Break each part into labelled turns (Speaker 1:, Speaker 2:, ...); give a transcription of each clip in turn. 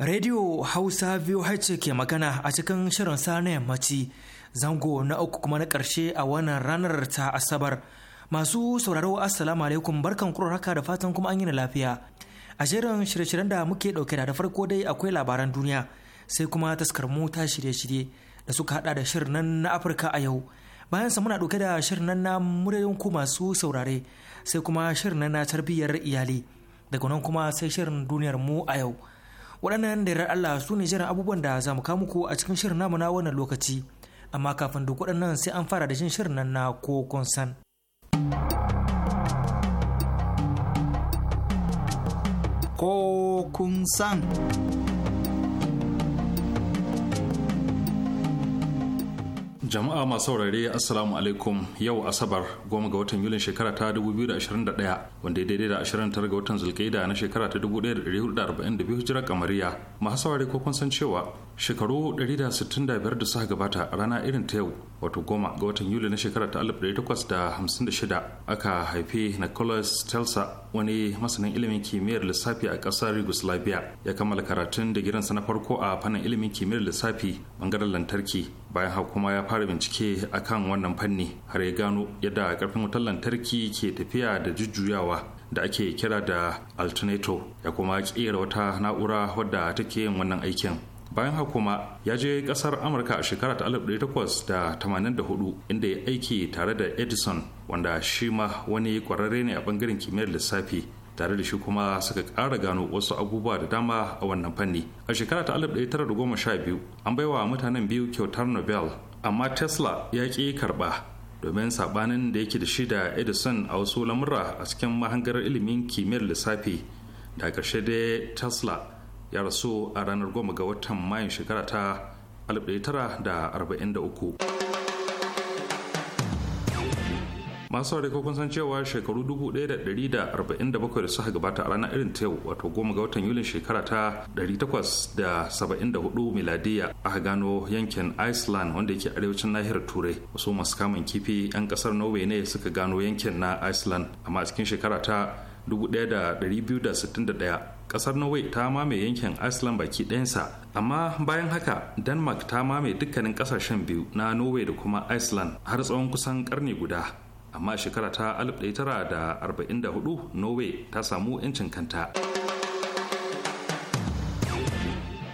Speaker 1: Radio Hausa VOH ke magana a cikin shirin sa yammaci zango na uku kuma na ƙarshe a wannan ranar ta Asabar. Masu sauraro Assalamu alaikum barkan haka da fatan kuma an yi lafiya. A shirin shirye-shiryen da muke ɗauke da farko dai akwai labaran duniya sai kuma taskar mota shirye-shirye da suka haɗa da shirin nan na Afirka a yau. Bayan sa muna ɗauke da shirin nan na muryoyin ku masu saurare sai kuma shirin nan na tarbiyyar iyali. Daga nan kuma sai shirin duniyar mu a yau. waɗannan da Allah su ne jiran abubuwan da za mu muku a cikin shirin namu na wannan lokaci amma kafin duk waɗannan sai an fara da jin shirin nan na ko san. ko kun san
Speaker 2: jama'a masu saurare assalamu alaikum yau asabar goma ga watan yulin shekara ta 2021 wanda daidai da 29 ga watan zulkaida na shekara ta 1442 hijirar kamariya masu saurare ko kun san cewa shekaru 165 da suka gabata rana irin ta yau wato goma ga watan yuli na shekara ta 1856 aka haifi nicholas telsa wani masanin ilimin kimiyyar lissafi a ƙasar yugoslavia ya kammala karatun da girinsa na farko a fannin ilimin kimiyyar lissafi bangaren lantarki bayan haka kuma ya fara bincike akan wannan fanni har ya gano yadda karfin wutar lantarki ke tafiya da jujjuyawa da ake kira da alternator ya kuma kera wata na'ura wadda take yin wannan aikin bayan haka kuma ya je kasar amurka a shekara ta 1884 inda ya aiki tare da edison wanda shi ma wani kwararre ne a bangaren kimiyyar lissafi tare da shi kuma suka ƙara gano wasu abubuwa da dama a wannan fanni a shekara ta 1912 an baiwa mutanen biyu kyautar nobel amma tesla ya ƙi karɓa domin sabanin da yake da shi da edison a wasu lamura a cikin mahangar ilimin kimiyyar lissafi da ƙarshe dai tesla ya rasu a ranar goma ga watan mayun shekara ta 1943 masu saurari ko kun san cewa shekaru 1147 da suka gabata a ranar irin ta yau wato goma ga watan yulin shekara ta 874 miladiya aka gano yankin iceland wanda yake arewacin nahiyar turai wasu masu kamun kifi 'yan kasar norway ne suka gano yankin na iceland amma cikin shekara ta 1261 kasar norway ta mame yankin iceland baki ɗayansa amma bayan haka denmark ta mame dukkanin kasashen biyu na norway da kuma iceland har tsawon kusan karni guda amma shekara ta 1944 norway ta samu 'yancin kanta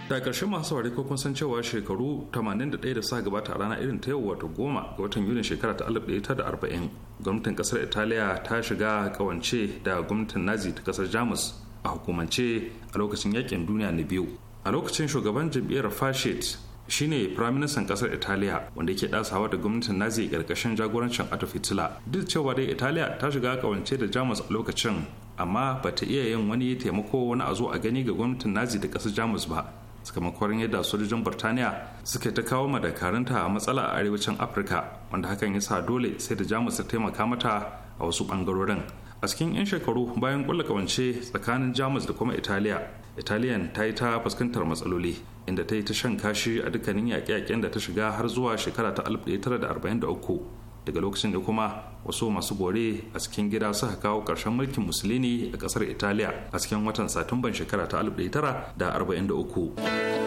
Speaker 2: da ƙarshe masu saurari ko kun san cewa shekaru 81 da sa gabata a rana irin ta yau wato goma ga watan yulin shekara ta 1940 gwamnatin ƙasar italiya ta shiga kawance da gwamnatin nazi ta ƙasar jamus a hukumance a lokacin yakin duniya na biyu a lokacin shugaban jam'iyyar fascist shine firaministan kasar italiya wanda yake dasawa da gwamnatin nazi karkashin jagorancin adolf hitler duk cewa dai italiya ta shiga kawance da jamus a lokacin amma ba ta iya yin wani taimako wani a zo a gani ga gwamnatin nazi da kasar jamus ba sakamakon yadda sojojin burtaniya suka ta kawo madakaranta a matsala a arewacin afirka wanda hakan ya sa dole sai da jamus ta taimaka mata a wasu bangarorin a cikin 'yan shekaru bayan kulla kawance tsakanin jamus da kuma italiya italiyan ta yi ta fuskantar matsaloli inda ta yi ta shan kashi a dukkanin yaƙe-yaƙen da ta shiga har zuwa shekara ta 1943 daga lokacin da kuma wasu masu bore a cikin gida suka kawo ƙarshen mulkin musulini a ƙasar italiya a cikin watan satumban shekara ta 1943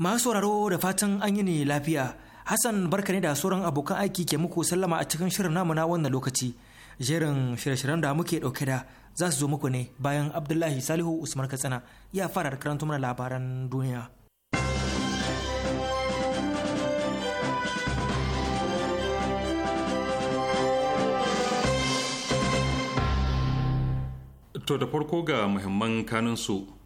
Speaker 1: Masu sauraro da fatan an yi ne lafiya. Hassan barka ne da sauran abokan aiki ke muku sallama a cikin shirin namu na wannan lokaci. Jerin shirye-shiryen da muke ɗauke da za su zo muku ne bayan Abdullahi Salihu Usman Katsina ya fara da karanta mana labaran duniya.
Speaker 2: To da farko ga muhimman kanunsu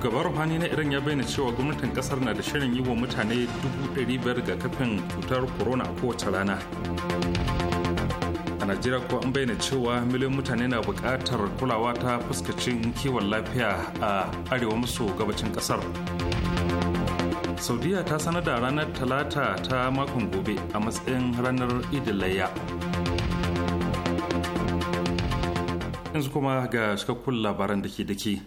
Speaker 2: shugaban ruhani na iran ya bayyana cewa gwamnatin kasar na da shirin yi wa mutane 500,000 ga kafin cutar corona a kowace rana a najeriya kuwa an bayyana cewa miliyan mutane na buƙatar kulawa ta fuskacin kiwon lafiya a arewa maso gabacin kasar saudiya ta sanar da ranar talata ta makon gobe a matsayin ranar Idilaya. yanzu kuma ga cikakkun labaran da ke dake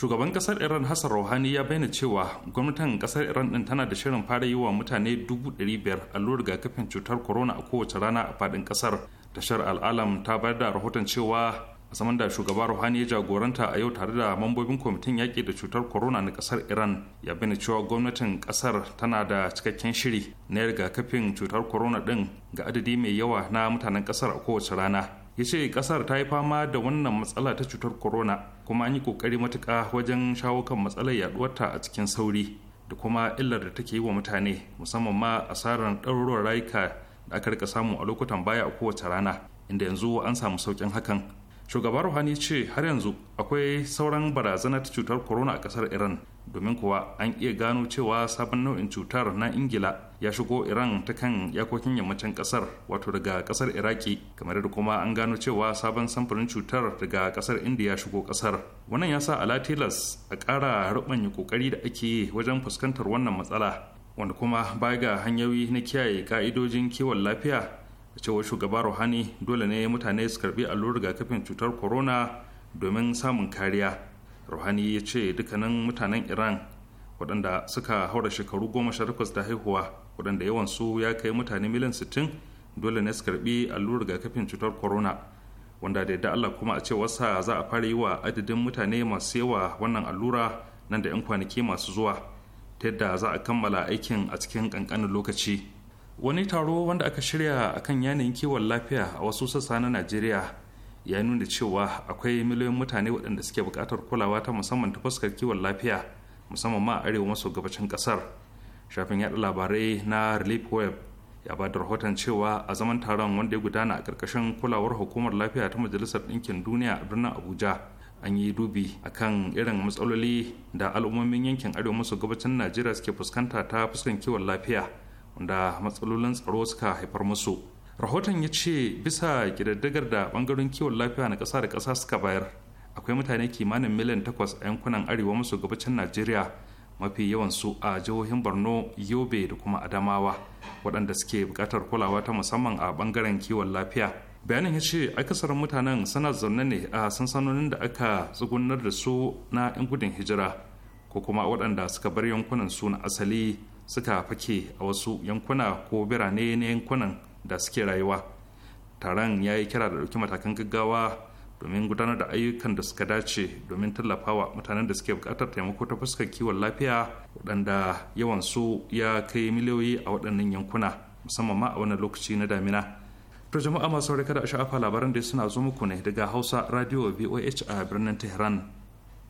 Speaker 2: shugaban kasar iran hassan rouhani ya bayyana cewa gwamnatin kasar iran din tana da shirin fara yi wa mutane dubu lura allurar rigakafin cutar corona a kowace rana a fadin kasar tashar al'alam ta bayar da rahoton cewa a saman da shugaba ruhani ya jagoranta a yau tare da mambobin kwamitin yaƙi da cutar corona na kasar iran ya bayyana cewa gwamnatin ƙasar tana da cikakken shiri na rigakafin cutar corona ɗin ga adadi mai yawa na mutanen ƙasar a kowace rana ya ce ƙasar ta yi fama da wannan matsala ta cutar corona kuma an yi kokari matuƙa wajen shawo kan matsalar yaduwarta a cikin sauri da kuma illar da take yi wa mutane musamman ma asarar ɗaruruwar rayuka da aka rika samu a lokutan baya a kowace rana inda yanzu an samu sauƙin hakan shugaba ruhani ce har yanzu akwai sauran barazanar cutar corona a kasar iran domin kuwa an iya gano cewa sabon nau'in cutar na ingila ya shigo iran ta kan yakokin yammacin kasar wato daga kasar iraki kamar da kuma an gano cewa sabon samfurin cutar daga kasar indiya shigo kasar wannan ya sa ala tilas a ƙara rubanya kokari da ake wajen fuskantar wannan matsala wanda kuma baya ga hanyoyi na kiyaye ka'idojin kiwon lafiya da cewar shugaba ruhani dole ne mutane su karbi allurar rigakafin cutar corona domin samun kariya ruhani ya ce dukkanin mutanen iran waɗanda suka haura shekaru goma sha takwas da haihuwa waɗanda yawansu ya kai mutane miliyan sittin dole ne su karbi allurar rigakafin cutar corona wanda da yadda allah kuma a cewarsa za a fara yi wa adadin mutane masu yawa wannan allura nan da 'yan kwanaki masu zuwa ta yadda za a kammala aikin a cikin ƙanƙanin lokaci wani taro wanda aka shirya akan yanayin kiwon lafiya a wasu sassa na najeriya ya nuna cewa akwai miliyoyin mutane waɗanda suke buƙatar kulawa ta musamman ta fuskar kiwon lafiya musamman ma a arewa maso gabacin ƙasar shafin yaɗa labarai na relief web ya ba da rahoton cewa a zaman taron wanda ya gudana a ƙarƙashin kulawar hukumar lafiya ta majalisar ɗinkin duniya a birnin abuja an yi dubi akan irin matsaloli da al'ummomin yankin arewa maso gabacin najeriya suke fuskanta ta fuskan kiwon lafiya da matsalolin tsaro suka haifar musu rahoton ya ce bisa kididdigar da ɓangaren kiwon lafiya na ƙasa da ƙasa suka bayar akwai mutane kimanin miliyan takwas a yankunan arewa maso gabacin najeriya mafi yawan su a jihohin borno yobe da kuma adamawa waɗanda suke buƙatar kulawa ta musamman a bangaren kiwon lafiya bayanin ya ce akasarin mutanen suna zaune ne a sansanonin da aka tsugunar da su na 'yan gudun hijira ko kuma waɗanda suka bar yankunan su na asali suka fake a wasu yankuna ko birane na yankunan da suke rayuwa taron ya yi kira da ɗauki matakan gaggawa domin gudanar da ayyukan da suka dace domin tallafawa mutanen da suke bukatar taimako ta fuskar kiwon lafiya waɗanda yawan su ya kai miliyoyi a waɗannan yankuna musamman ma a wannan lokaci na damina To jama'a masu rikada a sha'afa labaran da suna zo muku ne daga Hausa Radio VOH a birnin Tehran.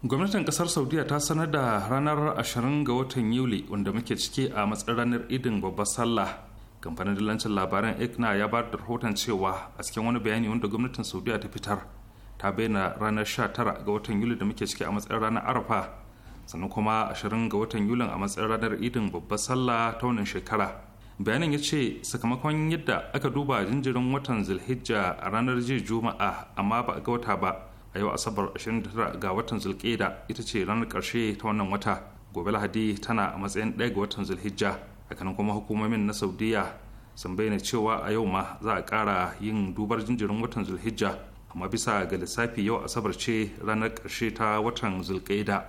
Speaker 2: gwamnatin kasar saudiya ta sanar da ranar 20 ga watan yuli wanda muke cike a matsayin ranar idin babbar sallah kamfanin dillancin labaran ikna ya ba da rahoton cewa a cikin wani bayani wanda gwamnatin saudiya ta fitar ta bayyana ranar 19 ga watan yuli da muke cike a matsayin ranar arafa sannan kuma 20 ga watan yulin a matsayin ranar idin babbar sallah ta wannan shekara bayanin ya ce sakamakon yadda aka duba jinjirin watan zulhijja a ranar jiya juma'a amma ba a ga wata ba a yau asabar 29 ga watan zulkeda ita ce ranar karshe ta wannan wata gobe lahadi tana a matsayin ɗaya ga watan zulhijja hakanan kuma hukumomin na saudiya sun bayyana cewa a yau ma za a ƙara yin dubar jinjirin watan zulhijja amma bisa ga lissafi yau asabar ce ranar karshe ta watan zulkaida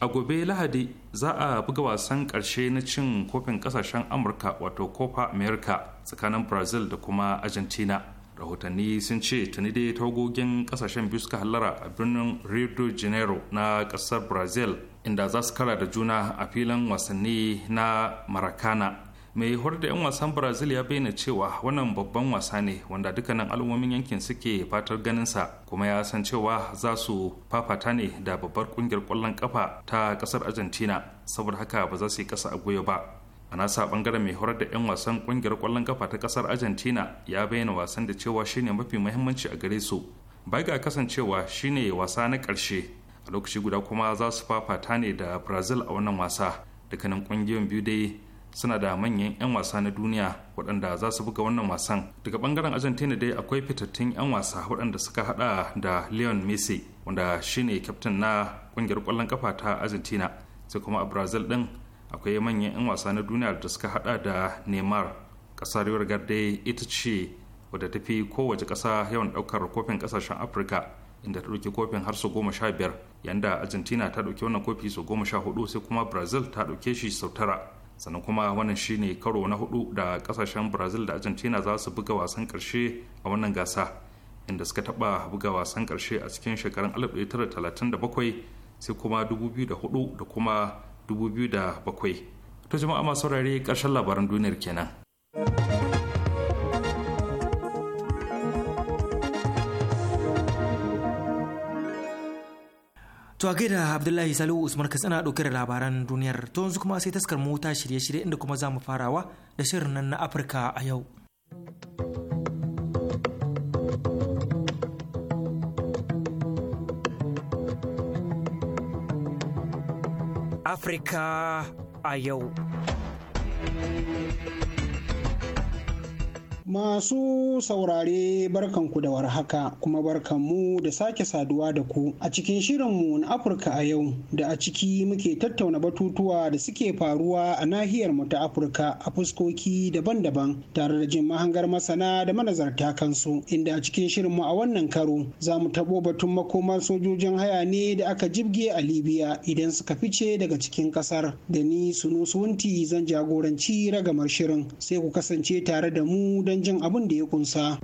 Speaker 2: a gobe lahadi za a buga wasan karshe na cin kofin kasashen amurka wato copa america tsakanin brazil da kuma argentina rahotanni sun ce tuni dai tagogin kasashen biyu suka halara a birnin rio de janeiro na kasar brazil inda za su kara da juna a filin wasanni na maracana mai horda da 'yan wasan brazil ya bayyana cewa wannan babban wasa ne wanda dukkanin al'ummomin yankin suke fatar ganin sa kuma ya san cewa za su fafata ne da babbar kungiyar kwallon kafa ta kasar argentina saboda haka ba za su yi kasa a goyo ba a nasa bangaren mai horar da 'yan wasan kungiyar kwallon kafa ta kasar argentina ya bayyana wasan da cewa shine mafi muhimmanci a gare su bai ga kasancewa shine wasa na karshe a lokaci guda kuma za su fafata ne da brazil a wannan wasa dukkanin kungiyoyin biyu dai suna da manyan 'yan wasa na duniya waɗanda za su buga wannan wasan daga bangaren argentina dai akwai fitattun 'yan wasa waɗanda suka hada da leon messi wanda shine kyaftin na kungiyar kwallon kafa ta argentina sai kuma a brazil din akwai manyan 'yan wasa na duniya da suka hada da neymar kasar yurgar dai ita ce wadda ta fi kowace kasa yawan daukar kofin kasashen afirka inda ta ɗauki kofin har su goma sha biyar yanda argentina ta ɗauki wannan kofi su goma sha hudu sai kuma brazil ta dauke shi sau tara sannan kuma wannan shine karo na hudu da kasashen brazil da argentina za su buga wasan karshe a wannan gasa inda suka taba buga wasan karshe a cikin shekarun 1937 sai kuma 2004 da kuma 2007 to jama'a masu saurare ƙarshen labaran duniyar kenan. To a gaida
Speaker 1: Abdullahi Salihu Usman Katsina ɗauke da labaran duniyar to yanzu kuma sai taskar mota shirye-shirye inda kuma za mu farawa da shirin nan na Afirka a yau. Afirka a yau.
Speaker 3: Masu saurare barkanku da warhaka kuma barkanmu da sake saduwa da ku a cikin shirinmu na Afirka a yau da a ciki muke tattauna batutuwa da suke faruwa a nahiyar mu ta Afirka a fuskoki daban-daban tare da jin mahangar masana da manazarta kansu inda a cikin shirinmu a wannan karo za mu tabo batun makomar sojojin haya ne da aka jibge a Libya idan suka fice daga cikin kasar da ni wunti zan jagoranci ragamar shirin sai ku kasance tare da mu don canjin abin da ya kunsa.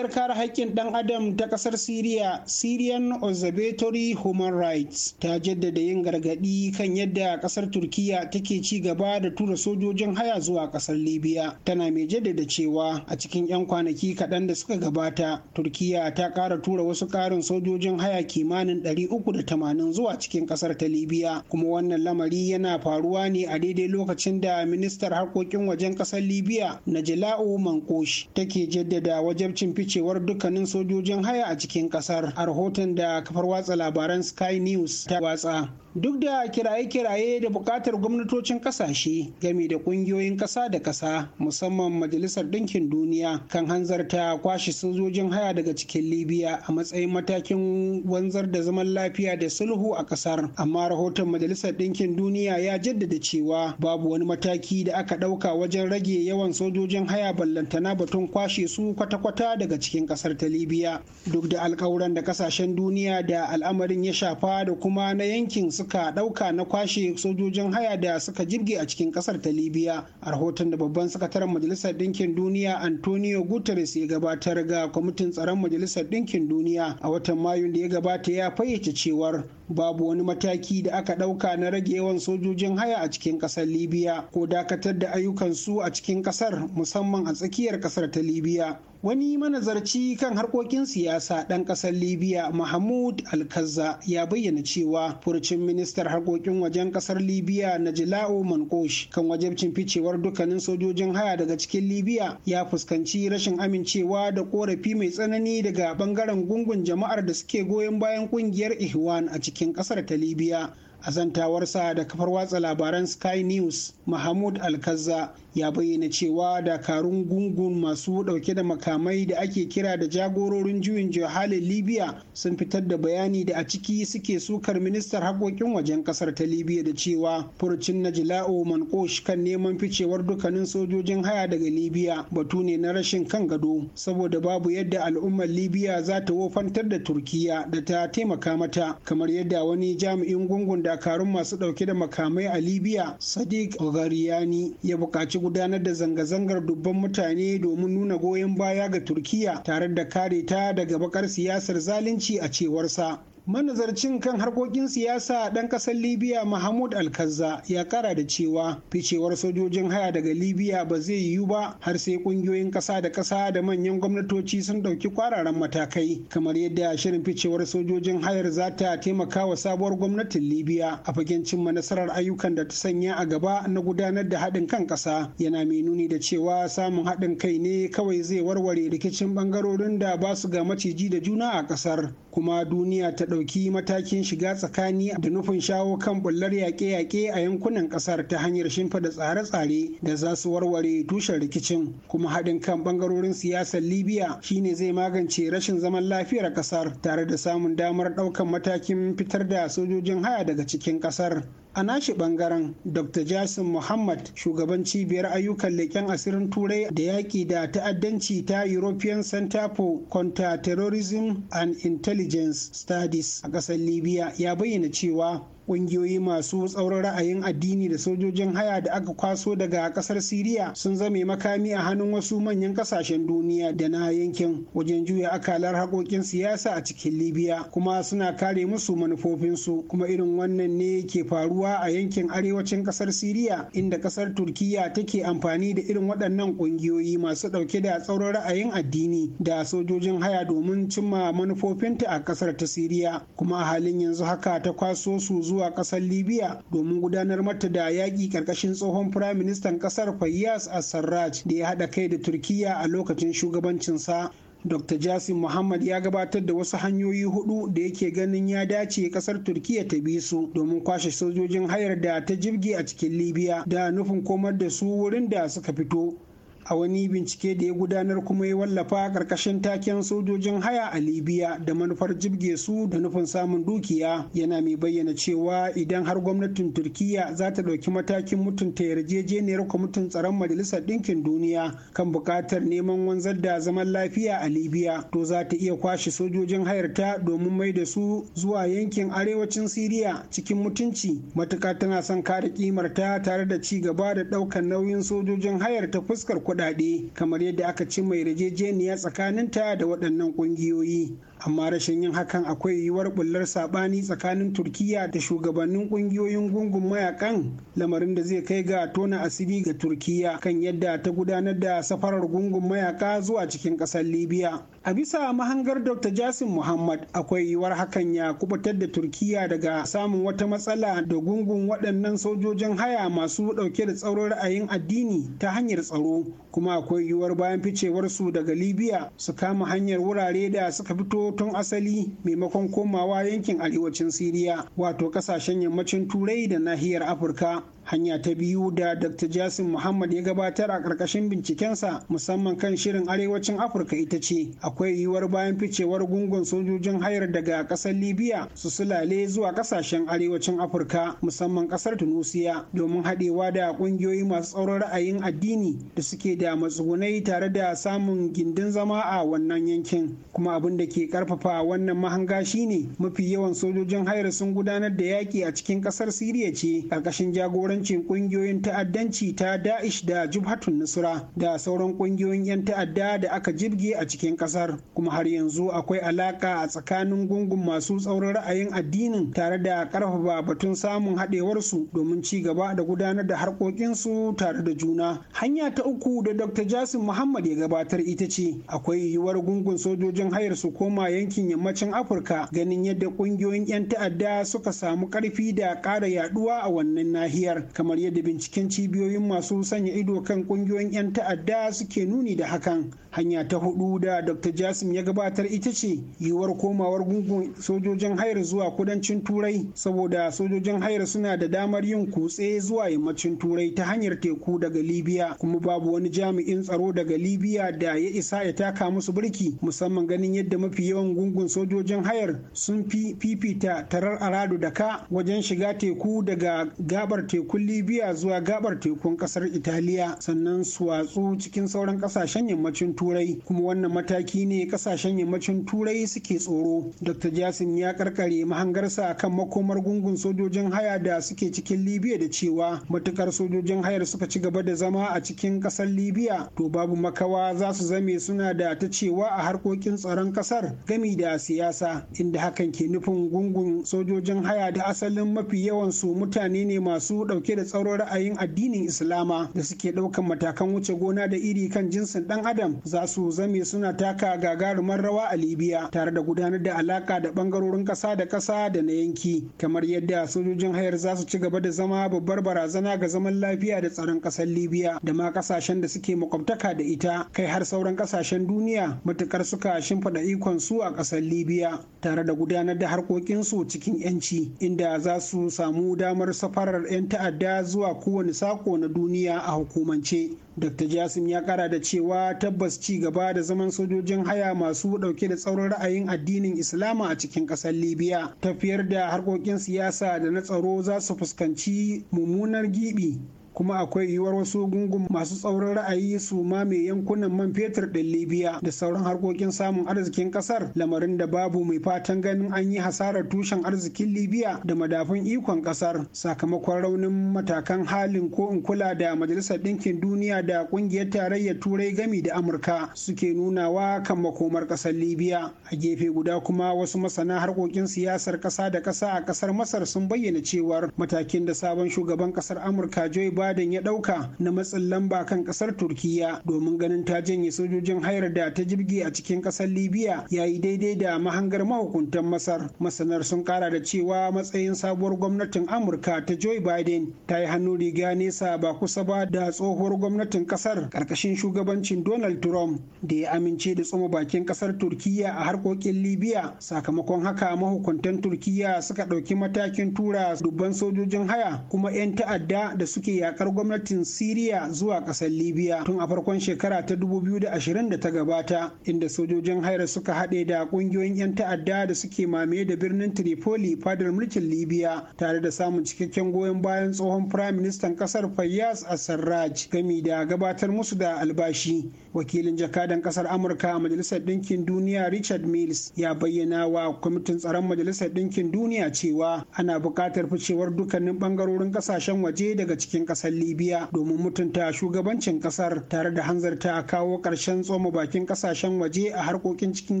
Speaker 3: Ƙungiyar kare haƙƙin ɗan adam ta ƙasar Siriya, Syrian Observatory Human Rights, ta jaddada yin gargaɗi kan yadda ƙasar Turkiya take ci gaba da tura sojojin haya zuwa ƙasar Libya. Tana mai jaddada cewa a cikin 'yan kwanaki kaɗan da suka gabata, Turkiya ta ƙara tura wasu ƙarin sojojin haya kimanin ɗari uku da tamanin zuwa cikin ƙasar ta Libya. Kuma wannan lamari yana faruwa ne a daidai lokacin da ministar harkokin wajen ƙasar Libya, Najila'u Mankosh, take jaddada wajen cin fice wucewar dukkanin sojojin haya a cikin kasar a rahoton da kafar watsa labaran sky news ta watsa duk da kiraye-kiraye da buƙatar gwamnatocin ƙasashe game da ƙungiyoyin ƙasa da ƙasa musamman majalisar ɗinkin duniya kan hanzarta kwashe sojojin haya daga cikin libya a matsayin matakin wanzar da zaman lafiya da sulhu a ƙasar amma rahoton majalisar ɗinkin duniya ya jaddada cewa babu wani mataki da aka ɗauka wajen rage yawan sojojin haya ballantana batun kwashe su kwata-kwata daga cikin ƙasar ta libya duk da alkawuran da ƙasashen duniya da al'amarin ya shafa da kuma na yankin su suka ɗauka na kwashe sojojin haya da suka jirge a cikin ƙasar ta libya a rahoton da babban sakataren majalisar ɗinkin duniya antonio guterres ya gabatar ga kwamitin tsaron majalisar ɗinkin duniya a watan mayun da ya gabata ya fayyace cewar babu wani mataki da aka ɗauka na rage yawan sojojin haya a cikin ƙasar libya ko dakatar da ayyukansu a cikin ƙasar musamman a tsakiyar ƙasar ta libya wani manazarci kan harkokin siyasa ɗan ƙasar libya mahmud alkazza ya bayyana cewa furcin ministar harkokin wajen ƙasar libya na jila'o mankosh kan wajabcin ficewar dukkanin sojojin haya daga cikin libya ya fuskanci rashin amincewa da korafi mai tsanani daga bangaren gungun jama'ar da suke goyon bayan ƙungiyar ihwan a cikin ƙasar ta libya a zantawarsa da kafar watsa labaran sky news mahmud alkazza ya bayyana cewa dakarun gungun masu dauke da makamai da ake kira da jagororin juyin halin libya sun fitar da bayani da a ciki suke sukar ministar haƙoƙin wajen kasar ta libya da cewa furucin na jila'o mankosh kan neman ficewar dukkanin sojojin haya daga libya batu ne na rashin kan gado saboda babu yadda al'ummar libya za ta wofantar da turkiya da ta taimaka mata kamar yadda wani jami'in gungun da dakarun masu ɗauke da makamai a libya sadiq ogariyani ya buƙaci gudanar da zanga-zangar dubban mutane domin nuna goyon baya ga turkiya tare da kare ta daga bakar siyasar zalunci a cewarsa manazarcin kan harkokin siyasa ɗan ƙasar libya mahmud alkazza ya kara da cewa ficewar sojojin haya daga libya ba zai yiwu ba har sai ƙungiyoyin ƙasa da ƙasa da manyan gwamnatoci sun ɗauki kwararan matakai kamar yadda shirin ficewar sojojin hayar za ta taimaka wa sabuwar gwamnatin libya a fagen cimma nasarar ayyukan da ta sanya a gaba na gudanar da haɗin kan ƙasa yana mai nuni da cewa samun haɗin kai ne kawai zai warware rikicin bangarorin da ba su ga maciji da juna a ƙasar kuma duniya ta ɗauki matakin shiga tsakani da nufin shawo kan bullar yaƙe-yaƙe a yankunan ƙasar ta hanyar shimfiɗa tsare-tsare da za su warware tushen rikicin kuma haɗin kan ɓangarorin siyasar libya shine zai magance rashin zaman lafiyar ƙasar tare da samun damar ɗaukan matakin fitar da sojojin haya daga cikin ƙasar a nashi bangaren dr jasim muhammad shugaban cibiyar ayyukan leƙen asirin turai da yaƙi da ta'addanci ta european center for counter terrorism and intelligence studies a ƙasar libya ya bayyana cewa ƙungiyoyi masu tsauran ra'ayin addini da sojojin haya da aka kwaso daga ƙasar siriya sun zame makami a hannun wasu manyan ƙasashen duniya da na yankin wajen juya akalar haƙoƙin siyasa a cikin libya kuma suna kare musu manufofinsu kuma irin wannan ne ke faruwa a yankin arewacin ƙasar siriya inda ƙasar turkiya take amfani da irin waɗannan ƙungiyoyi masu ɗauke da tsauran ra'ayin addini da sojojin haya domin cimma manufofinta a ƙasar ta siriya kuma a halin yanzu haka ta kwaso su zuwa kasar libya domin gudanar mata da yaƙi karkashin tsohon firaministan kasar fayyaz sarraj da ya haɗa kai da turkiya a lokacin shugabancinsa dr jasim muhammad ya gabatar da wasu hanyoyi hudu da yake ganin ya dace kasar turkiya ta bi su domin kwashe sojojin hayar da ta jirgi a cikin libya da nufin komar da su wurin da suka fito a wani bincike da ya gudanar kuma ya wallafa ƙarƙashin taken sojojin haya a libya da manufar jibge su da nufin samun dukiya yana mai bayyana cewa idan har gwamnatin turkiya za ta ɗauki matakin mutunta yarjejeniyar kwamitin tsaron majalisar ɗinkin duniya kan buƙatar neman wanzar da zaman lafiya a libya to za ta iya kwashe sojojin hayarta domin mai da su zuwa yankin arewacin siriya cikin mutunci matuƙa tana son kare ƙimarta tare da ci gaba da ɗaukar nauyin sojojin hayar ta fuskar kuɗaɗe kamar yadda aka cimma yarjejeniya tsakaninta da waɗannan ƙungiyoyi amma rashin yin hakan akwai yiwuwar bullar sabani tsakanin turkiya da shugabannin kungiyoyin gungun mayakan lamarin da zai kai ga tona asiri ga turkiya kan yadda ta gudanar da safarar gungun mayaka zuwa cikin kasar libya a bisa mahangar dr jasim muhammad akwai yiwuwar hakan ya kubutar da turkiya daga samun wata matsala da gungun waɗannan sojojin haya masu ɗauke da tsaron ra'ayin addini ta hanyar tsaro kuma akwai yiwuwar bayan ficewarsu daga libya su kama hanyar wurare da suka fito tun asali maimakon komawa yankin arewacin siriya wato kasashen yammacin turai da nahiyar afirka hanya ta biyu da dr jasim muhammad ya gabatar a ƙarƙashin bincikensa musamman kan shirin arewacin afirka ita ce akwai yiwuwar bayan ficewar gungun sojojin hayar daga ƙasar libya su sulale zuwa ƙasashen arewacin afirka musamman ƙasar tunisia domin haɗewa da ƙungiyoyi masu tsauran ra'ayin addini da suke da matsugunai tare da samun gindin zama a wannan yankin kuma abin da ke karfafa wannan mahanga shine mafi yawan sojojin hayar sun gudanar da yaƙi a cikin ƙasar siriya ce ƙarƙashin jagoran jagorancin kungiyoyin ta'addanci ta Da'ish da Jubhatun Nusra da sauran kungiyoyin 'yan ta'adda da aka jirge a cikin kasar kuma har yanzu akwai alaka a tsakanin gungun masu tsaurin ra'ayin addinin tare da karfafa batun samun haɗewarsu domin ci gaba da gudanar da harkokinsu tare da juna. Hanya ta uku da Dr. Jasim Muhammad ya gabatar ita ce akwai yiwuwar gungun sojojin hayar su koma yankin yammacin Afirka ganin yadda kungiyoyin 'yan ta'adda suka samu ƙarfi da ƙara yaɗuwa a wannan nahiyar kamar yadda binciken cibiyoyin masu sanya ido kan kungiyoyin 'yan ta'adda suke nuni da hakan hanya ta hudu da dr jasim ya gabatar ita ce yiwuwar komawar gungun sojojin hayar zuwa kudancin turai saboda sojojin hayar suna da damar yin kutse zuwa yammacin turai ta hanyar teku daga libya kuma babu wani jami'in tsaro daga libya da ya isa ya taka musu birki musamman ganin yadda mafi yawan gungun sojojin hayar sun fi fifita tarar aradu da ka wajen shiga teku daga gabar tekun libya zuwa gabar tekun kasar italiya sannan su watsu cikin sauran kasashen yammacin turai turai kuma wannan mataki ne kasashen yammacin turai suke tsoro dr jasim ya karkare mahangarsa akan makomar gungun sojojin haya da suke cikin libya da cewa matukar sojojin hayar suka ci gaba da zama a cikin kasar libya to babu makawa za su zame suna da ta cewa a harkokin tsaron kasar gami da siyasa inda hakan ke nufin gungun sojojin haya da asalin mafi yawan su mutane ne masu dauke da tsaron ra'ayin addinin islama da suke daukan matakan wuce gona da iri kan jinsin dan adam za su zame suna taka gagarumar rawa a libya tare da gudanar da alaka da bangarorin ƙasa da ƙasa da na yanki kamar yadda sojojin hayar za su ci gaba da zama babbar barazana ga zaman lafiya da tsaron ƙasar libya da ma ƙasashen da suke makwabtaka da ita kai har sauran ƙasashen duniya matukar suka shimfiɗa ikon su a ƙasar libya tare da gudanar da harkokinsu cikin 'yanci inda za su samu damar safarar 'yan ta'adda zuwa kowane sako na duniya a hukumance dr jasim ya kara da cewa tabbas ci gaba da zaman sojojin haya masu dauke da tsaurin ra'ayin addinin islama a cikin kasar libya tafiyar da harkokin siyasa da na tsaro za su fuskanci mummunar gibi kuma akwai yiwuwar wasu gungun masu tsaurin ra'ayi su mai yankunan man fetur ɗin libya da sauran harkokin samun arzikin ƙasar lamarin da babu mai fatan ganin an yi hasarar tushen arzikin libya da madafun ikon ƙasar sakamakon raunin matakan halin ko in kula da majalisar ɗinkin duniya da ƙungiyar tarayyar turai gami da amurka suke nunawa kan makomar ƙasar libya a gefe guda kuma wasu masana harkokin siyasar ƙasa da ƙasa a ƙasar masar sun bayyana cewar matakin da sabon shugaban ƙasar amurka joe baden ya ɗauka na matsin lamba kan ƙasar turkiyya domin ganin ta janye sojojin hayar da ta jirgi a cikin ƙasar libya ya yi daidai da mahangar mahukuntan masar masanar sun ƙara da cewa matsayin sabuwar gwamnatin amurka ta joe biden ta yi hannu riga nesa ba kusa ba da tsohuwar gwamnatin ƙasar ƙarƙashin shugabancin donald trump da ya amince da tsoma bakin ƙasar turkiyya a harkokin libya sakamakon haka mahukuntan turkiyya suka ɗauki matakin tura dubban sojojin haya kuma 'yan ta'adda da suke ya iyakar gwamnatin Siriya zuwa ƙasar Libya tun a farkon shekara ta 2020 da ta gabata inda sojojin haira suka haɗe da ƙungiyoyin 'yan ta'adda da suke mamaye da birnin Tripoli fadar mulkin Libya tare da samun cikakken goyon bayan tsohon prime firaministan ƙasar Fayyaz sarraj gami da gabatar musu da albashi. Wakilin jakadan ƙasar Amurka a Majalisar Ɗinkin Duniya Richard Mills ya bayyana wa kwamitin tsaron Majalisar Ɗinkin Duniya cewa ana buƙatar ficewar dukkanin ɓangarorin ƙasashen waje daga cikin ƙasar. kasar libya domin mutunta shugabancin kasar tare da hanzarta a kawo ƙarshen tsoma bakin ƙasashen waje a harkokin cikin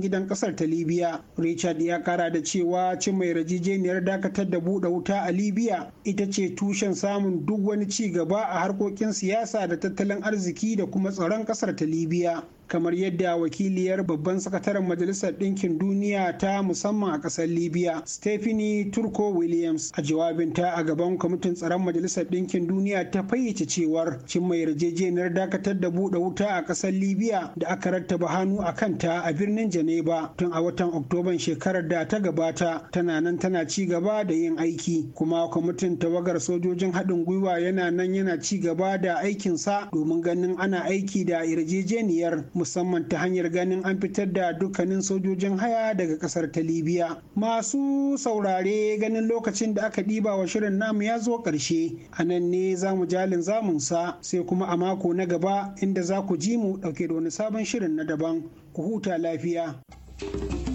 Speaker 3: gidan kasar ta libya richard ya kara da cewa ci mai rajijeniyar dakatar da buɗe wuta a libya ita ce tushen samun duk wani ci gaba a harkokin siyasa da tattalin arziki da kuma tsaron kasar ta libya kamar yadda wakiliyar babban sakataren majalisar ɗinkin duniya ta musamman a ƙasar libya stephanie turko williams a jawabinta a gaban kwamitin tsaron majalisar ɗinkin duniya ta fayyace cewar cin mai yarjejeniyar dakatar da buɗe wuta a ƙasar libya da aka rattaba hannu a kanta a birnin geneva tun a watan oktoban shekarar da ta gabata tana nan tana ci gaba da yin aiki kuma kwamitin tawagar sojojin haɗin gwiwa yana nan yana ci gaba da aikinsa domin ganin ana aiki da yarjejeniyar musamman ta hanyar ganin an fitar da dukkanin sojojin haya daga kasar ta libya masu saurare ganin lokacin da aka ɗiba wa shirin namu ya zo ƙarshe a nan ne za mu jalin zamunsa sai kuma a mako na gaba inda za ku ji mu ɗauke da wani sabon shirin na daban ku huta lafiya. thank you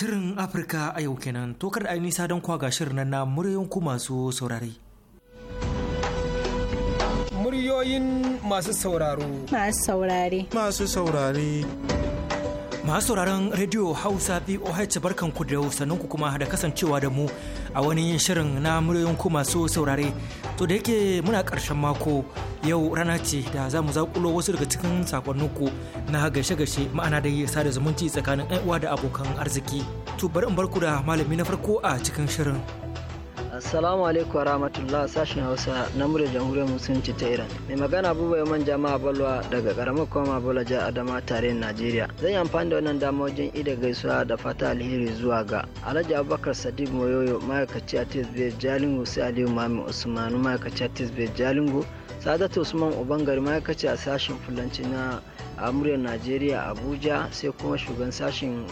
Speaker 1: Shirin Afirka a yau kenan tokar da nisa don kwaga shirin na muryoyin ku masu saurare.
Speaker 3: Muryoyin masu sauraro. Masu saurare. Masu saurare.
Speaker 1: Masu sauraron rediyo Hausa barkan ku da ku kuma da kasancewa da mu a wani shirin na muryoyin ku masu saurare. To da yake muna ƙarshen mako yau rana ce da za mu zaƙulo wasu daga cikin sakonninku na gashe-gashe ma'ana da sada zumunci tsakanin uwa da abokan arziki. To bari in barku da malami na farko a cikin shirin.
Speaker 4: Assalamu alaikum wa rahmatullah sashen Hausa na murya jamhuriyar musulunci ta Iran. Mai magana Abubuwa manja Jama'a Balwa daga karamar koma Bola ja Adama tarihin Najeriya. Zan yi amfani da wannan dama wajen ida gaisuwa da fata alheri zuwa ga Alhaji Abubakar Sadiq Moyoyo ma'aikaci a Tisbe Jalingo sai Aliyu Mami Usmanu ma'aikaci a Tisbe Jalingo. Sadatu Usman Ubangari ma'aikaci a sashen Fulanci na muryar Najeriya Abuja sai kuma shugaban sashen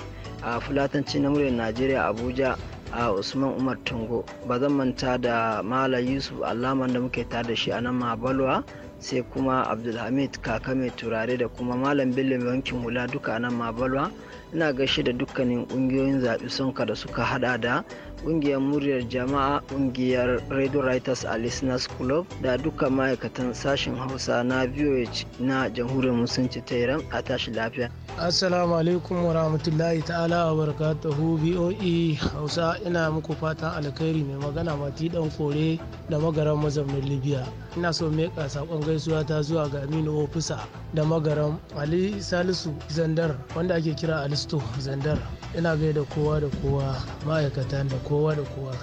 Speaker 4: a Fulatanci na muryar Najeriya Abuja a usman umar tungo ba zan manta da malam yusuf alaman da muke tare da shi a nan mabalwa sai kuma abdulhamid kaka mai turare da kuma malam bello mai wankin hula duka a nan mabalwa ina gaishe da dukkanin ƙungiyoyin zaɓi sonka da suka hada da ƙungiyar muryar jama'a ƙungiyar radio writers a listeners club da duka ma'aikatan sashen hausa na voh na jamhuriyar musulunci ta iran a tashi lafiya assalamu alaikum wa rahmatullahi ta'ala wa barakatuhu voe hausa ina muku fatan alkhairi mai magana mati dan kore da magaran mazaunin libya ina so ka sakon gaisuwa ta zuwa ga aminu ofisa da magaran ali salisu zandar wanda ake kira alisto zandar ina gaida kowa da kowa ma'aikatan da kowa da kowa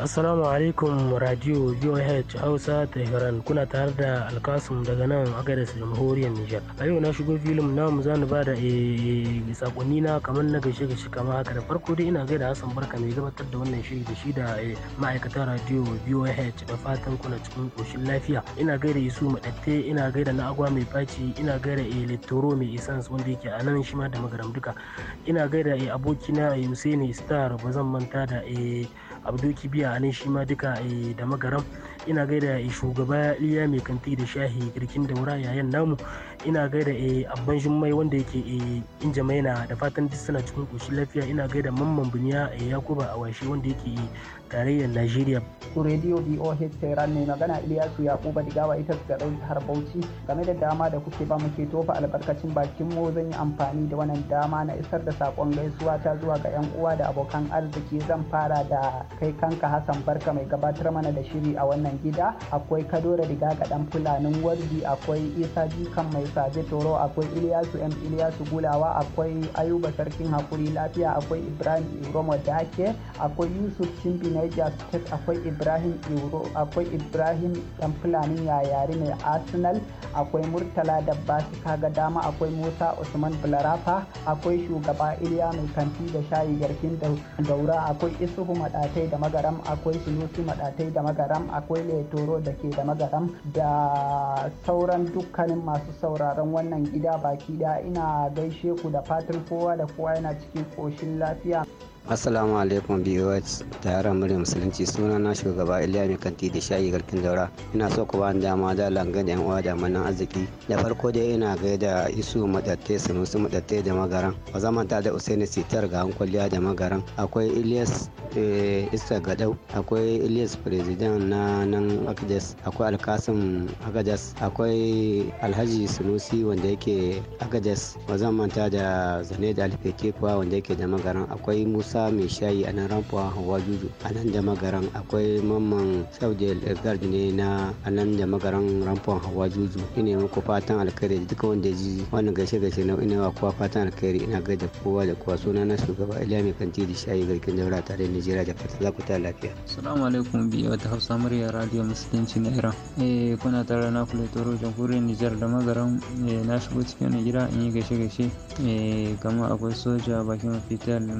Speaker 4: Assalamu alaikum radio VOH Hausa Tehran kuna tare da Alkasum daga nan Agadez Jamhuriyar Nijar. A yau na shigo filin na mu zani ba da eh, eh, sakonni na kamar na gaishe gaishe kamar haka da farko dai ina gaida Hassan Barka mai gabatar da wannan shiri da shi da eh, ma'aikatan radio VOH da fatan kuna cikin koshin lafiya. Ina gaida Isu Madatte, ina gaida na agwa mai faci, ina gaida Elektoro mai isans wanda yake a nan shi ma da magaram duka. Ina gaida abokina Yusaini Star ba zan manta da abdu kibiya a nan shi ma duka eh, da magaram ina gaida eh, shugaba iliya mai kanti da shahi girkin daura yayin namu ina gaida eh, abban jummai wanda yake eh, inja na da fatan duk suna cikin koshin lafiya ina gaida mamman buniya yakuba a washe wanda yake
Speaker 5: tarayyar Najeriya. Ku rediyo VOH Tehran ne magana Iliyasu Yakuba Digawa ita ga har Bauchi game da dama da kuke ba muke tofa albarkacin bakin mu zan yi amfani da wannan dama na isar da sakon gaisuwa ta zuwa ga yan uwa da abokan arziki zan fara da kai kanka Hassan Barka mai gabatar mana da shiri a wannan wannan gida akwai da riga ga dan fulanin wardi akwai isa jikan mai saje toro akwai iliyasu m iliyasu gulawa akwai ayuba sarkin hakuri lafiya akwai ibrahim iromo dake akwai yusuf na niger state akwai ibrahim iro akwai ibrahim dan fulanin yayari mai arsenal akwai murtala da basu kaga dama akwai musa usman bularafa akwai shugaba iliya mai kanti da shayi garkin daura akwai isuhu madatai da magaram akwai sunusi madatai da magaram akwai Sule Toro da ke da magaram da sauran dukkanin masu sauraron wannan gida baki da ina gaishe ku da fatan kowa da kowa yana cikin koshin lafiya.
Speaker 4: Assalamu alaikum BOH taron murya musulunci suna na shugaba Iliya mai kanti da shayi garkin daura ina so ku bani dama da langan yan uwa da manan arziki da farko dai ina gaida isu madattai sanusi madattai da magaran ta da Usaini Sitar ga kwalliya da magaran akwai Ilyas eh, Isa Gadau akwai Ilyas president na nan Akades akwai Alkasim agajas akwai Alhaji Sanusi wanda yake Akades ta da Zane da Alfeke kuwa wanda yake da magaran akwai Musa isa mai shayi a nan ramfuwa hawa juju a nan da magaran akwai mamman saudi gard ne na a nan da magaran ramfuwan hawa juju ina muku fatan alkhairi da duka wanda ji wannan gaishe gaishe na ina kowa fatan alkhairi ina gaida kowa da kowa suna na shugaba ilya mai kanti da shayi garkin daura tare da nigeria da fata za ku ta lafiya. salamu alaikum biyu wata hausa murya radio musulunci na iran eh kuna tare na kula toro jamhuriyar nijar da magaran eh, na shigo cikin gida in yi gaishe gaishe eh kama akwai soja bakin fitar da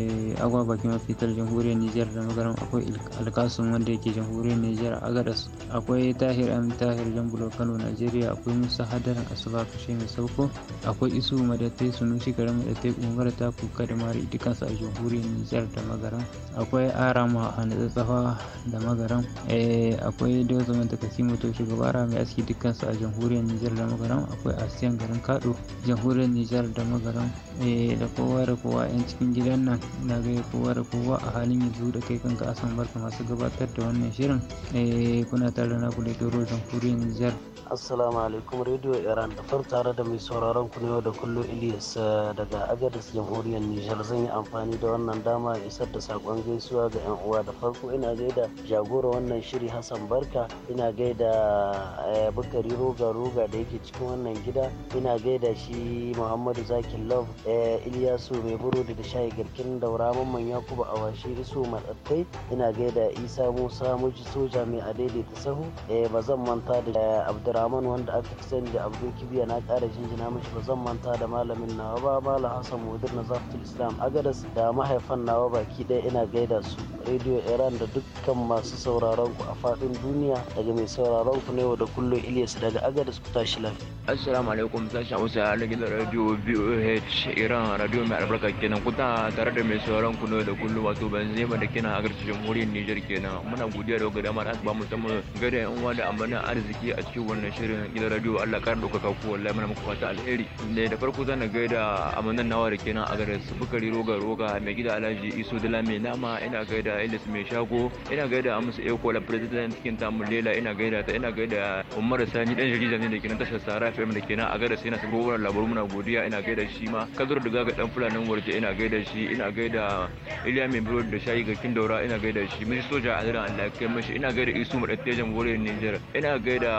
Speaker 4: Eh, agwa bakin mafitar jamhuriyar nijar da magaran akwai alkasum wanda yake jamhuriyar nijar agadas akwai tahir am tahir jambulo kano najeriya akwai musa hadarin asuba kashe mai sauko akwai isu madatai sunushi garin madatai umar ta kuka da mari dukansu a jamhuriyar nijar da magaran akwai arama
Speaker 1: a natsatsawa da magaran eh, akwai dozo mata kasimu to shugaba mai aski dukansu a jamhuriyar nijar da magaran akwai asiyan garin kado jamhuriyar nijar da magaran eh, da kowa da kowa yan cikin gidan nan na ga kowa da kowa a halin yanzu da kai kanka asan barka masu gabatar da wannan shirin eh, kuna tare na ku da gero jamhuriyar nijar
Speaker 4: assalamu alaikum radio iran da far tare da mai sauraron ku yau da kullu ilyas eh, daga agadis jamhuriyar nijar zan yi amfani da wannan dama a isar da sakon gaisuwa ga yan uwa da farko ina gaida jagoran wannan shiri hassan barka ina gaida eh, bukari roga roga da yake cikin wannan gida ina gaida shi muhammadu zakin love eh, ilyasu mai burodi da shayi garkin daura mamman yakubu awashi iso matsattai ina gaida isa musa muji soja mai adaidaita sahu ba zan manta da abdurrahman abdulrahman wanda aka fi sani da abdul kibiya na ƙara jinjina mashi ba zan manta da malamin nawa ba malam hassan mudir na zafatul islam agadas da mahaifan nawa baki ɗaya ina gaida su radio iran da dukkan masu sauraron ku a faɗin duniya daga mai sauraron ku ne da kullum ilyas daga agadas ku tashi lafiya assalamu alaikum sashen hausa na gidan radio voh
Speaker 1: iran radio mai albarka kenan kuna tare da mai sauraron ku ne da kullum wato ban ba da kina a agar jamhuriyar niger kenan muna godiya da ga damar asba musamman gada yan uwa da amana arziki a cikin wannan wannan shirin gidan radio Allah kar dauka ku wallahi muna muku fata alheri da da farko zan ga da amanan nawa da kenan a garin su bukari roga roga mai gida alhaji Isu dala mai nama ina ga da Ellis mai shago ina ga da amsu eko la president kin tamu lela ina gaida ta ina ga da umar sani dan jarida ne da kenan tashar sara fm da kenan a garin sai na sabo wannan labaru muna godiya ina ga da shi ma kadur daga ga dan fulanin warje ina ga da shi ina ga da iliya mai biro da shayi ga kin daura ina ga da shi mun soja a garin Allah kai mashi ina ga da isu mu dattijan jamhuriyar Niger ina ga da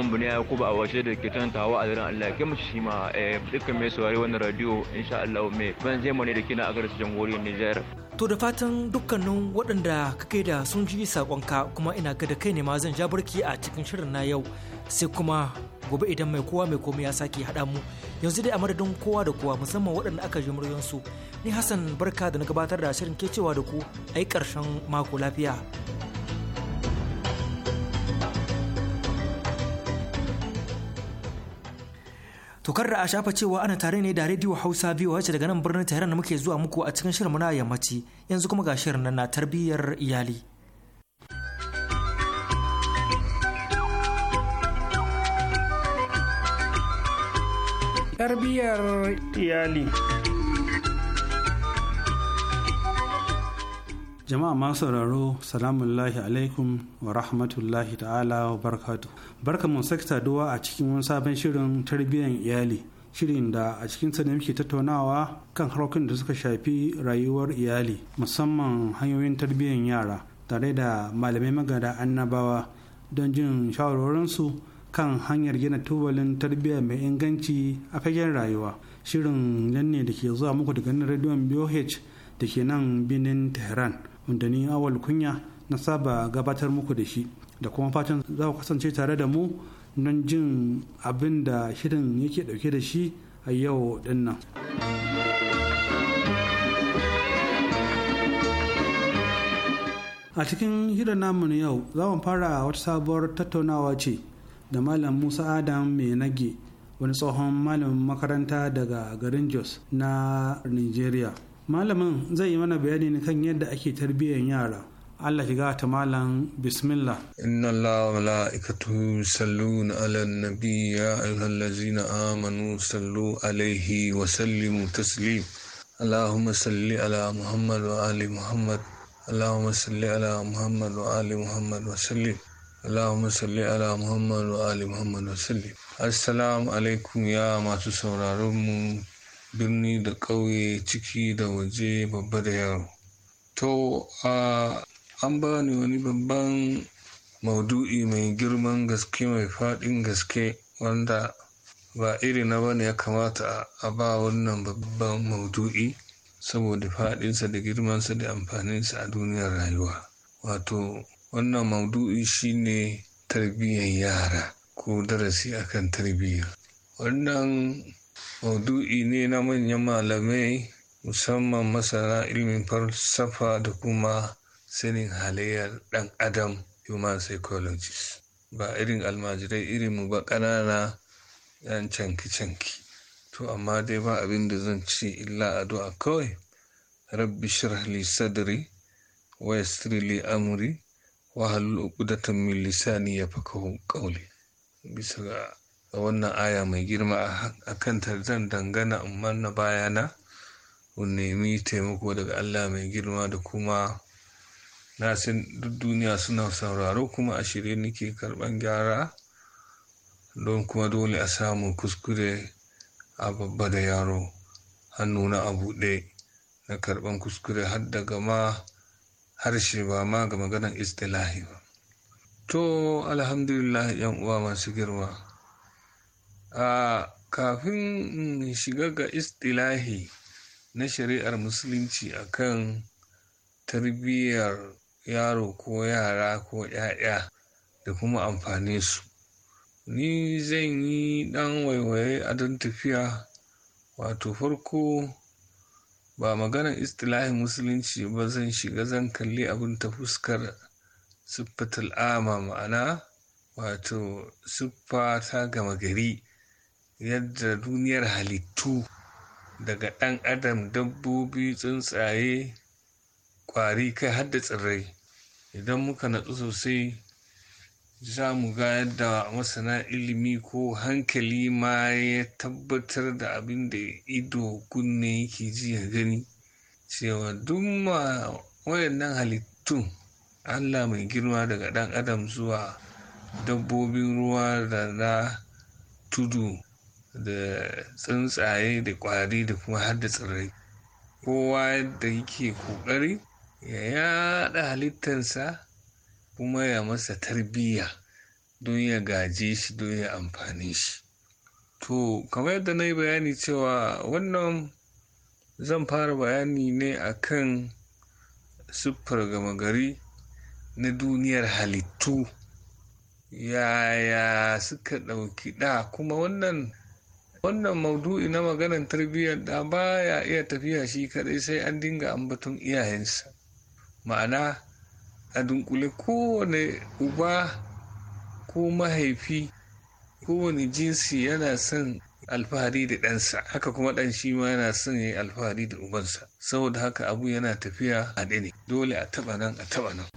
Speaker 1: mamman bani ya kuba a washe da ke tan tawa a daren Allah kai mace shi ma eh, dukkan mai saurari wannan radio insha Allah mai ban zai mu ne da kina a garin jamhuriyar Nijar to da fatan dukkanin waɗanda kake da sun ji sakonka kuma ina ga da kai ne ma zan ja barki a cikin shirin na yau sai kuma gobe idan mai kowa mai komai ya sake haɗa mu yanzu dai a madadin kowa da kowa musamman waɗanda aka ji muryansu ni hassan barka da na gabatar da shirin ke cewa da ku a yi ƙarshen mako lafiya To kar da a shafa cewa ana tare ne da rediyo Hausa biyu wace daga nan birnin Tehran da muke zuwa muku a cikin shirin na yammaci yanzu kuma ga shirin na tarbiyyar iyali.
Speaker 6: Tarbiyyar iyali. jama'a masu sauraro salamullahi alaikum wa rahmatullahi ta'ala wa barkatu barka mu sake saduwa a cikin wani sabon shirin tarbiyyar iyali shirin da a cikin sa ne muke tattaunawa kan harkokin da suka shafi rayuwar iyali musamman hanyoyin tarbiyyar yara tare da malamai magada annabawa don jin shawarwarinsu kan hanyar gina tubalin tarbiyya mai inganci a fagen rayuwa shirin nan ne da ke zuwa muku daga rediyon boh da ke nan binin tehran wanda ni awal kunya na saba gabatar muku da shi da kuma fatan za ku kasance tare da mu don jin abin da shirin yake dauke da shi a yau dinnan. a cikin hira namu na yau za mu fara wata sabuwar tattaunawa ce da malam musa adam mai nage wani tsohon malamin makaranta daga garin jos na nigeria malamin zai yi mana bayani ne kan yadda ake tarbiyyar yara Allah shiga gata malam bismillah.
Speaker 7: Inna Allah wa mala'ikatu sallun ala nabi ya ayyuhallazina amanu sallu alaihi wa sallimu taslim. Allahumma salli ala Muhammad wa ali Muhammad. Allahumma salli ala Muhammad wa ali Muhammad wa sallim. Allahumma salli ala Muhammad wa ali Muhammad wa sallim. Assalamu alaikum ya masu sauraron mu birni da ƙauye ciki da waje babba da yaro to a an bani wani babban maudu'i mai girman gaske mai faɗin gaske wanda ba iri na bane ya kamata a ba wannan babban maudu'i saboda faɗinsa da girmansa da amfaninsa a duniyar rayuwa wato wannan maudu'i shine tarbiyyar yara ko darasi akan tarbiyyar wannan maudu'i ne na manyan malamai musamman masana ilmin falsafa da kuma sanin halayyar ɗan adam human psychologist ba irin almajirai irin mu ba ƙanana yan canki-canki to amma dai ba abin da zan ci illa addu'a kawai rabbi shirah Sadari, sadri wa yassir li amri wa halul min lisani bisa ga da wannan aya mai girma a kanta zan dangana in na bayana in nemi taimako daga Allah mai girma da kuma na san duk duniya suna sauraro kuma a shirye nake karban gyara don kuma dole a samu kuskure a babba da yaro hannu na a buɗe na karban kuskure har daga ma harshe ba ma ga maganar istilahi ba to alhamdulillah yan uwa masu girma kafin in shiga ga istilahi na shari'ar musulunci a kan tarbiyyar yaro ko yara ko 'ya'ya da kuma amfani su ni zan yi ɗan waiwaye a don tafiya wato farko ba maganar istilahin musulunci ba zan shiga zan kalli abin ta fuskar siffatul ama ma'ana wato siffa ta gama gari yadda duniyar halittu daga ɗan adam dabbobi tsuntsaye ƙwari kai har da tsirrai idan muka natsu sosai za mu ga yadda masana ilimi ko hankali ma ya tabbatar da abin da ido kunne yake ji ya gani cewa duk ma wayannan halittun allah mai girma daga ɗan adam zuwa dabbobin ruwa da na tudu da tsuntsaye da ƙwari, da kuma har da tsirrai kowa da yake kokari ya yaɗa halittarsa kuma ya masa tarbiyya don ya gaje shi don ya amfani shi to kamar yadda na yi bayani cewa wannan zan fara bayani ne akan siffar gama gari na duniyar halittu yaya suka ɗauki ɗa kuma wannan wannan maudu'i na maganar tarbiyyar da baya iya tafiya shi kadai sai an dinga ambaton iyayensa ma'ana a dunkule kowane uba ko mahaifi kowane jinsi yana son alfahari da ɗansa haka kuma ɗan shi ma yana son ya yi alfahari da ubansa saboda haka abu yana tafiya a ɗane dole a taɓa nan a taɓa nan.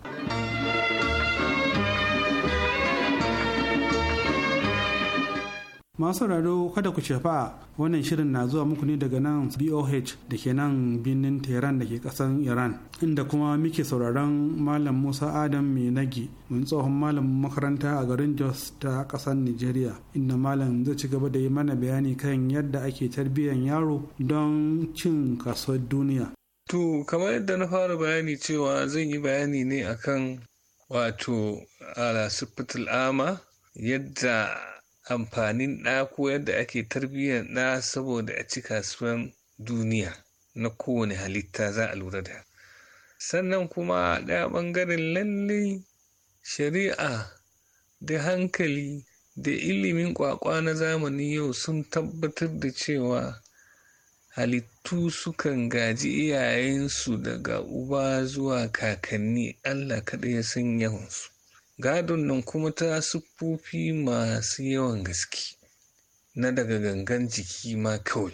Speaker 6: masu sauraro kada ku shafa wannan shirin na zuwa muku ne daga nan boh da ke nan birnin tehran da ke kasan iran inda kuma muke sauraron malam musa adam mai nagi mun tsohon malamin makaranta a garin jos ta kasan nigeria inda malam zai ci gaba da yi mana bayani kan yadda ake tarbiyyar yaro don cin kasuwar duniya
Speaker 7: to kamar yadda na fara bayani cewa zan yi bayani ne akan wato ala ama yadda amfanin ɗa ko yadda ake tarbiyyar ɗa saboda a ci kasuwan duniya na kowane halitta za a lura da sannan kuma a ɗaya ɓangaren lallai shari'a da hankali da ilimin ƙwaƙwa na zamani yau sun tabbatar da cewa halittu sukan gaji iyayensu daga uba zuwa kakanni allah kaɗai ya san yawansu gadon nan kuma ta siffofi masu yawan gaske na daga gangan jiki ma kawai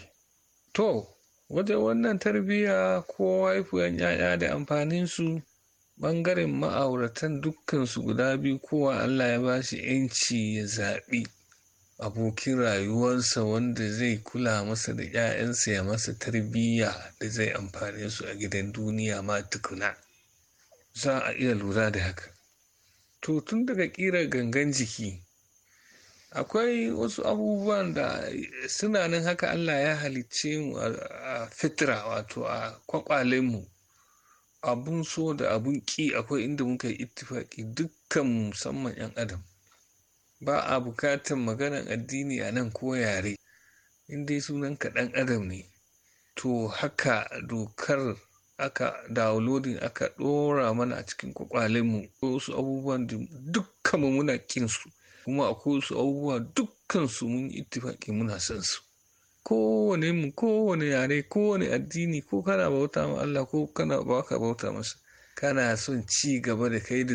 Speaker 7: to wajen wannan tarbiyya ko haifuwan 'ya'ya da amfaninsu ɓangaren ma'auratan dukkansu guda biyu kowa allah ya ba shi 'yanci ya zaɓi abokin rayuwarsa wanda zai kula masa da 'ya'yansa ya masa tarbiyya da zai amfane su a gidan duniya ma tukuna za a iya lura da haka to tun daga ƙirar gangan jiki akwai wasu abubuwan da suna nan haka allah ya halicce mu a fitra wato a mu. abun so da abun ƙi akwai inda muka yi ittifaki dukkan musamman 'yan adam ba a bukatan maganan addini a nan ko yare in dai sunan ka ɗan adam ne to haka dokar aka downloading aka ɗora mana a cikin kwakwalenmu wasu abubuwan da dukkanmu muna kin su kuma akwai wasu abubuwa dukkan su mun ittifaki muna son su kowane mu kowane yare kowane addini ko kana bauta ma Allah ko kana baka bauta masa kana son ci gaba da kai da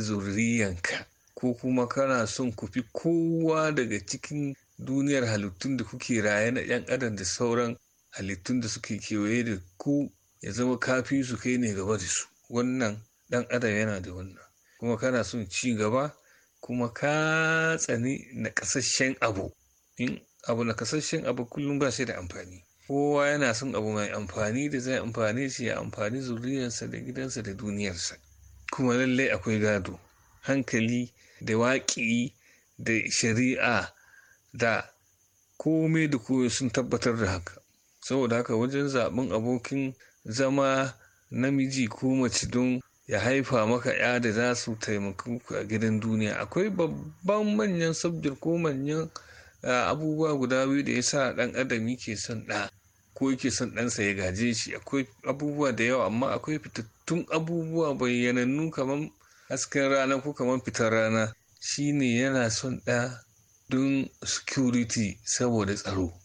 Speaker 7: ka ko kuma kana son ku fi kowa daga cikin duniyar halittun da kuke raye na 'yan adam da sauran halittun da suke kewaye da ku ya zama kafi su kai ne gaba da su wannan dan adam yana da wannan kuma kana son ci gaba kuma ka tsani na kasashen abu in abu na kasashen abu kullum ba shi da amfani kowa yana son abu mai amfani da zai amfani shi ya amfani zuriyarsa da gidansa da duniyarsa kuma lallai akwai gado hankali da waƙi da shari'a da komai da koyo sun tabbatar da haka saboda haka wajen zaɓen abokin zama namiji ko mace don ya haifa maka ya da za su taimaki ku a gidan duniya akwai babban manyan sabjir ko manyan abubuwa guda biyu da ya sa ɗan adam yake son ɗa ko yake son ɗansa ya gaje shi akwai abubuwa da yawa amma akwai fitattun abubuwa bayyanannu kamar hasken rana ko kamar fitar rana shine yana son ɗa don security saboda tsaro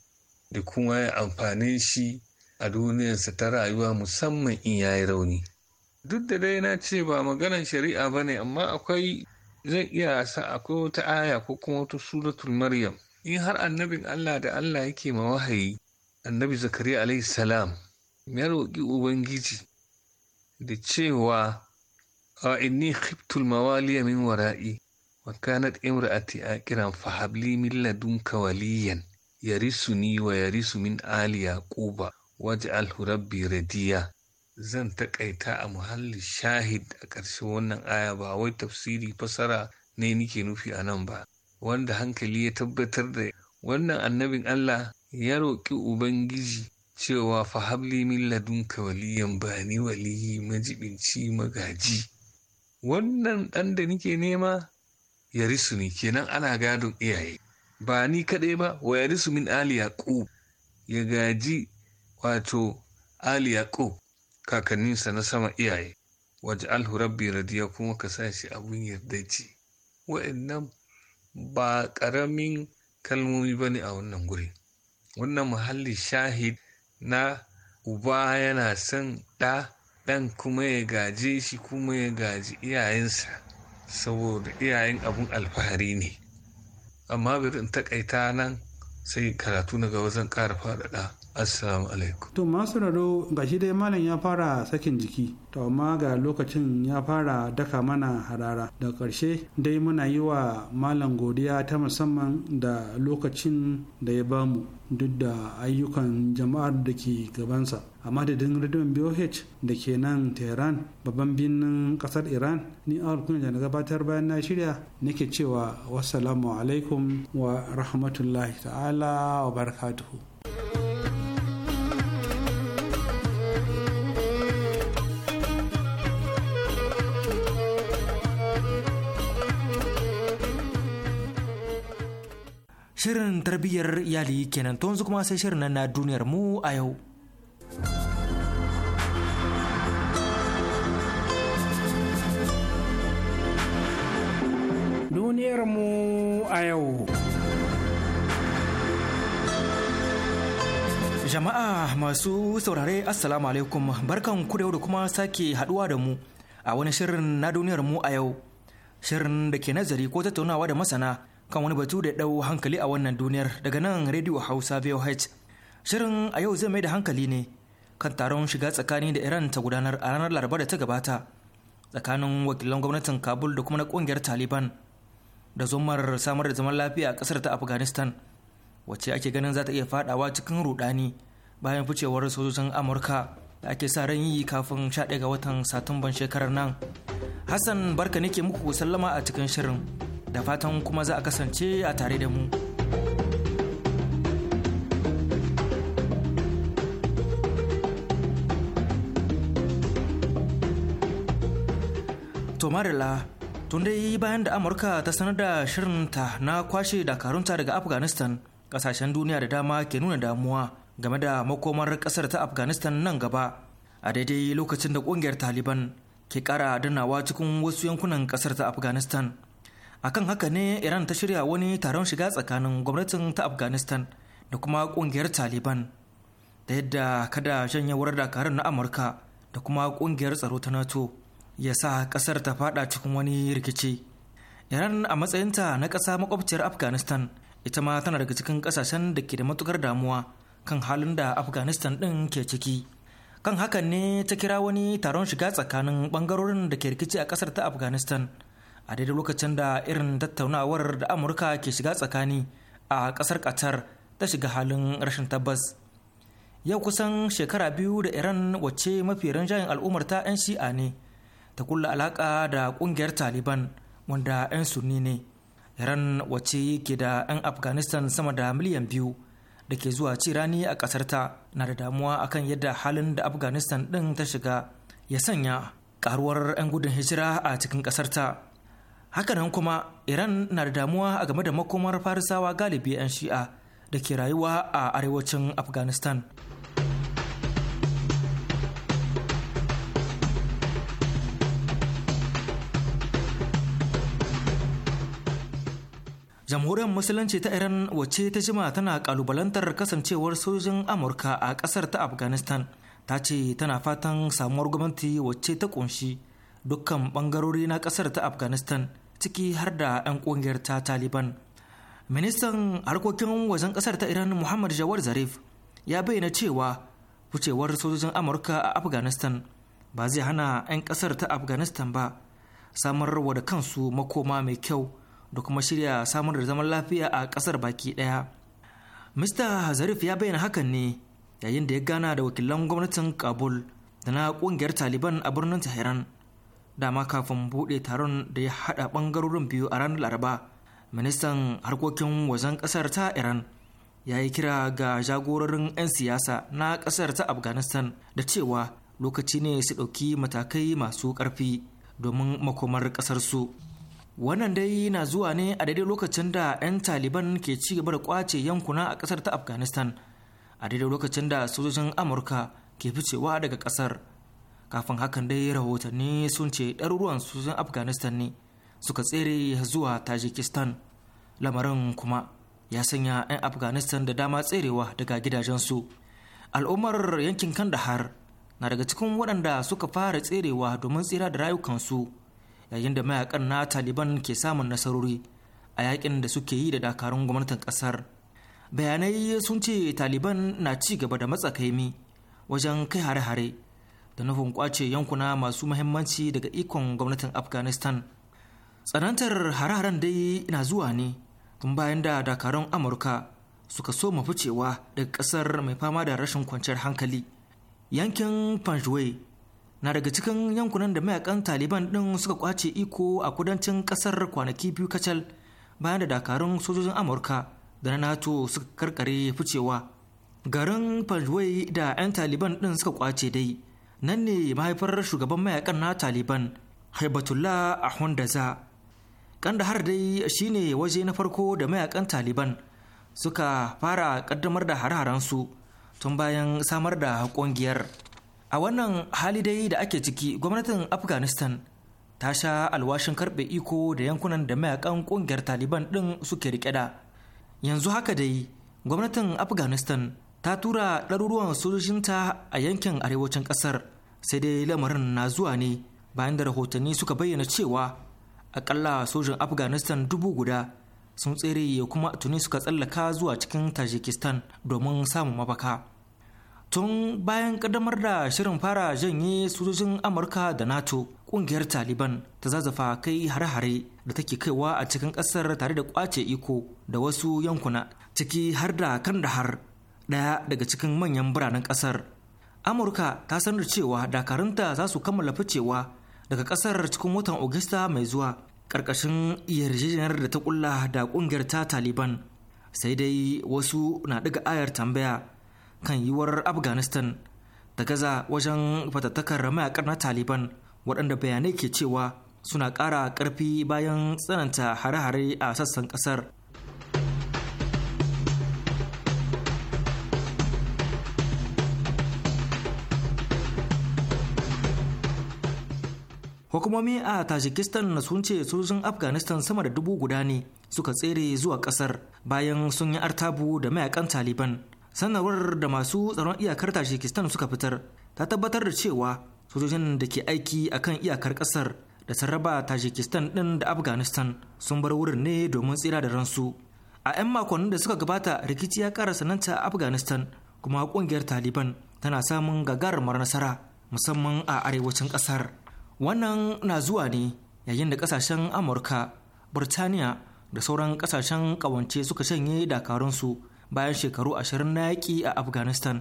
Speaker 7: da kuma ya amfane shi a duniyarsa ta rayuwa musamman in ya yi rauni duk da dai na ce ba maganar shari'a ba ne amma akwai zai iya sa akwai wata aya ko kuma wata suratul maryam in har annabin allah da allah yake ma wahayi annabi zakariya alaihi salam ya roƙi ubangiji da cewa a inni khiftul mawaliya min wara'i Makanar kanat imra'ati aqiran fa habli min ladunka waliyan yarisuni wa yarisu min ali yaquba waj'alhu rabbi radiya zan taƙaita a muhalli shahid a ƙarshen wannan aya ba wai tafsiri fasara ne nike nufi a nan ba wanda hankali ya tabbatar da wannan annabin Allah ya roƙi ubangiji cewa fa habli min ladunka waliyan bani waliyi majibinci magaji wannan ɗan da nike nema ya risu ni kenan ana gadon iyaye ba ni kaɗai ba wa ya risu min ali yaqub ya gaji wato ali yaqub kakanninsa na sama iyaye waje alhu rabbi radiya kuma ka sa shi abun yardaici wa'annan ba ƙaramin kalmomi ba ne a wannan guri wannan muhalli shahid na uba yana son ɗa ɗan kuma ya gaje shi kuma ya gaji iyayensa saboda iyayen abun alfahari ne amma bari in takaita nan sai karatu na gaba zan ƙara faɗaɗa assalamu alaikum
Speaker 6: to masu raro ga shi dai malam ya fara sakin jiki to amma ga lokacin ya fara daka mana harara da ƙarshe dai muna yi wa malam godiya ta musamman da lokacin da ya bamu duk da ayyukan jama'ar da ke gabansa a madadin ridon boh da ke nan tehran babban birnin kasar iran ni awar da na gabatar bayan na shirya nake cewa wassalamu alaikum wa rahmatullahi ta'ala wa barakatuhu
Speaker 1: Shirin tarbiyyar iyali kenan to yanzu kuma sai shirin na duniyar mu a yau. Duniyar mu a yau. Jama'a masu saurare Assalamu alaikum barkan ku da kuma sake haduwa da mu a wani shirin na duniyar mu a yau. Shirin da ke nazari ko tattaunawa da masana kan wani batu da ya ɗau hankali a wannan duniyar daga nan Radio Hausa VOH. Shirin a yau zai mai da hankali ne kan taron shiga tsakani da Iran ta gudanar a ranar Laraba da ta gabata tsakanin wakilan gwamnatin Kabul da kuma na kungiyar Taliban da zumar samar da zaman lafiya a kasar ta Afghanistan wace ake ganin za ta iya fadawa cikin rudani bayan ficewar sojojin Amurka da ake sa ran yi kafin 11 ga watan Satumban shekarar nan. Hassan barka ke muku sallama a cikin shirin. da fatan kuma za a kasance a tare da mu. Tomarila tun dai bayan da Amurka ta sanar da shirinta na kwashe dakarunta daga Afghanistan kasashen duniya da dama ke nuna damuwa game da makomar kasar ta Afghanistan nan gaba a daidai lokacin da kungiyar Taliban ke kara danawa cikin wasu yankunan kasar ta Afghanistan. akan haka ne iran ta shirya wani taron shiga tsakanin gwamnatin ta afghanistan da kuma kungiyar taliban da yadda kada janyewar dakarun na amurka da kuma kungiyar tsaro ta nato ya sa kasar ta fada cikin wani rikici iran a matsayinta na ƙasa makwabciyar afghanistan ita ma tana daga cikin ƙasashen da ke da matukar damuwa kan halin da afghanistan din ke ciki kan hakan ne ta kira wani taron shiga tsakanin ɓangarorin da ke rikici a ƙasar ta afghanistan a daidai lokacin da irin tattaunawar da amurka ke shiga tsakani a kasar qatar ta shiga halin rashin tabbas yau kusan shekara biyu da iran wacce mafi rinjayen al'ummar ta 'yan shi'a ne ta kulla alaka da kungiyar taliban wanda 'yan sunni ne iran wacce ke da 'yan afghanistan sama da miliyan biyu da ke zuwa cirani a kasar ta na da damuwa akan yadda halin da afghanistan din ta shiga ya sanya karuwar 'yan gudun hijira a cikin kasar ta hakanan kuma iran na da damuwa a game da makomar farisawa galibi 'yan shi'a da ke rayuwa a arewacin afghanistan jamhuriyar musulunci ta iran wacce ta jima tana kalubalantar kasancewar sojin amurka a kasar ta afghanistan ta ce tana fatan samuwar gwamnati wacce ta kunshi dukkan bangarori na kasar ta afghanistan ciki har da 'yan ƙungiyar ta taliban ministan harkokin wajen ƙasar ta iran muhammad jawar zarif ya bayyana cewa wucewar sojojin amurka a afghanistan ba zai hana 'yan ƙasar ta afghanistan ba samarwa da kansu makoma mai kyau da kuma shirya samar da zaman lafiya a ƙasar baki ɗaya mista zarif ya bayyana hakan ne yayin da ya gana da wakilan gwamnatin kabul da na ƙungiyar taliban a birnin tehran dama kafin buɗe taron da ya haɗa ɓangarorin biyu a ranar laraba ministan harkokin wajen ƙasar ta iran ya yi kira ga jagororin 'yan siyasa na ƙasar ta afghanistan da cewa lokaci ne su ɗauki matakai masu ƙarfi domin makomar ƙasarsu wannan dai na zuwa ne a daidai lokacin da 'yan taliban ke ci gaba da kwace yankuna a ƙasar ta afghanistan a daidai lokacin da sojojin amurka ke ficewa daga ƙasar kafin hakan dai rahotanni sun ce ɗaruruwan sojin afghanistan ne suka tsere zuwa tajikistan lamarin kuma ya sanya 'yan afghanistan da dama tserewa daga gidajensu al'ummar yankin kandahar na daga cikin waɗanda suka fara tserewa domin tsira da rayukansu yayin da mayakan na taliban ke samun nasarori a yakin da suke yi da dakarun gwamnatin kasar bayanai sun ce taliban na ci gaba da matsakaimi wajen kai hare-hare da nufin kwace yankuna masu mahimmanci daga ikon gwamnatin afghanistan tsanantar hare-haren dai na zuwa ne tun bayan da dakarun amurka suka so ficewa daga kasar mai fama da rashin kwanciyar hankali yankin panjwai na daga cikin yankunan da mayakan taliban din suka kwace iko a kudancin kasar kwanaki biyu kacal bayan da dakarun sojojin amurka da na nato suka karkare ficewa garin Panjwai da 'yan Taliban ɗin suka kwace dai nan ne mahaifar shugaban mayakan na taliban haibatullah ahundaza har dai shine waje na farko da mayakan taliban suka fara kaddamar da hare-harensu tun bayan samar da ƙungiyar. a wannan hali dai da ake ciki gwamnatin afghanistan ta sha alwashin karbe iko da yankunan da mayakan ƙungiyar taliban din suke rike da yanzu haka dai gwamnatin afghanistan ta tura ɗaruruwan sojojinta a yankin arewacin ƙasar sai dai lamarin na zuwa ne bayan da rahotanni suka bayyana cewa akalla sojin afghanistan dubu guda sun tsere ya kuma tuni suka tsallaka zuwa cikin tajikistan domin samun mafaka tun bayan ƙaddamar da shirin fara janye sojojin amurka da nato ƙungiyar taliban ta zazzafa kai hare-hare da take kaiwa a cikin ƙasar tare da kwace iko da wasu yankuna ciki har da kan kandahar ɗaya daga cikin manyan biranen ƙasar amurka ta sanar cewa dakarunta za su kammala ficewa daga ƙasar cikin watan Ogista mai zuwa ƙarƙashin yarjejeniyar da ta ƙulla da ƙungiyar ta taliban sai dai wasu na ɗiga ayar tambaya kan yiwuwar afghanistan da gaza wajen fatattakar mayakar na taliban waɗanda bayanai ke cewa suna ƙara ƙarfi bayan tsananta hare-hare a sassan ƙasar hukumomi a tajikistan na sun ce sojojin afghanistan sama da dubu guda ne suka tsere zuwa kasar bayan sun yi artabu da mayakan taliban sanarwar da masu tsaron iyakar tajikistan suka fitar ta tabbatar da cewa sojojin da ke aiki a kan iyakar kasar da sarraba tajikistan din da afghanistan sun bar wurin ne domin tsira da ransu a 'yan makonnin da suka gabata rikici ya kara sananta afghanistan kuma kungiyar taliban tana samun gagarumar nasara musamman a arewacin kasar wannan na zuwa ne yayin da kasashen amurka burtaniya da sauran kasashen kawance suka shanye dakarunsu bayan shekaru ashirin na yaƙi a afghanistan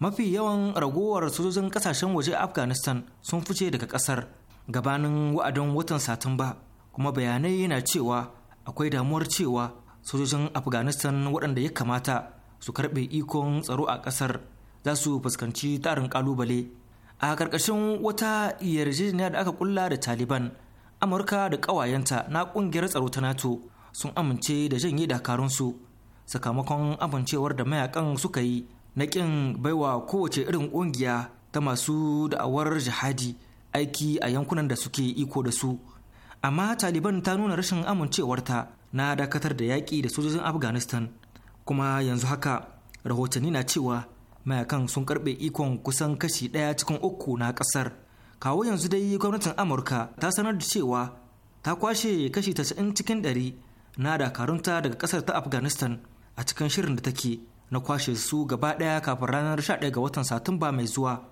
Speaker 1: mafi yawan ragowar sojojin kasashen waje afghanistan sun fice daga kasar gabanin wa'adin watan satumba kuma bayanai na cewa akwai damuwar cewa sojojin afghanistan waɗanda ya kamata su karɓe ikon tsaro a ƙasar za su fuskanci tarin ƙalubale a ƙarƙashin wata yarjejeniya da aka kulla da taliban amurka da ƙawayenta na ƙungiyar tsaro ta nato sun amince da janye dakarunsu sakamakon amincewar da mayakan suka yi na ƙin baiwa kowace irin ƙungiya ta masu da'awar jihadi aiki a yankunan da suke iko da su amma taliban ta nuna rashin amincewarta na dakatar da yaƙi da sojojin afghanistan kuma yanzu haka rahotanni na cewa mayakan sun karbe ikon kusan kashi ɗaya cikin uku na ƙasar kawo yanzu dai gwamnatin amurka ta sanar da cewa ta kwashe kashi 90 cikin ɗari na dakarunta daga ƙasar ta afghanistan a cikin shirin da take na kwashe su gaba ɗaya kafin ranar 11 ga watan satumba mai zuwa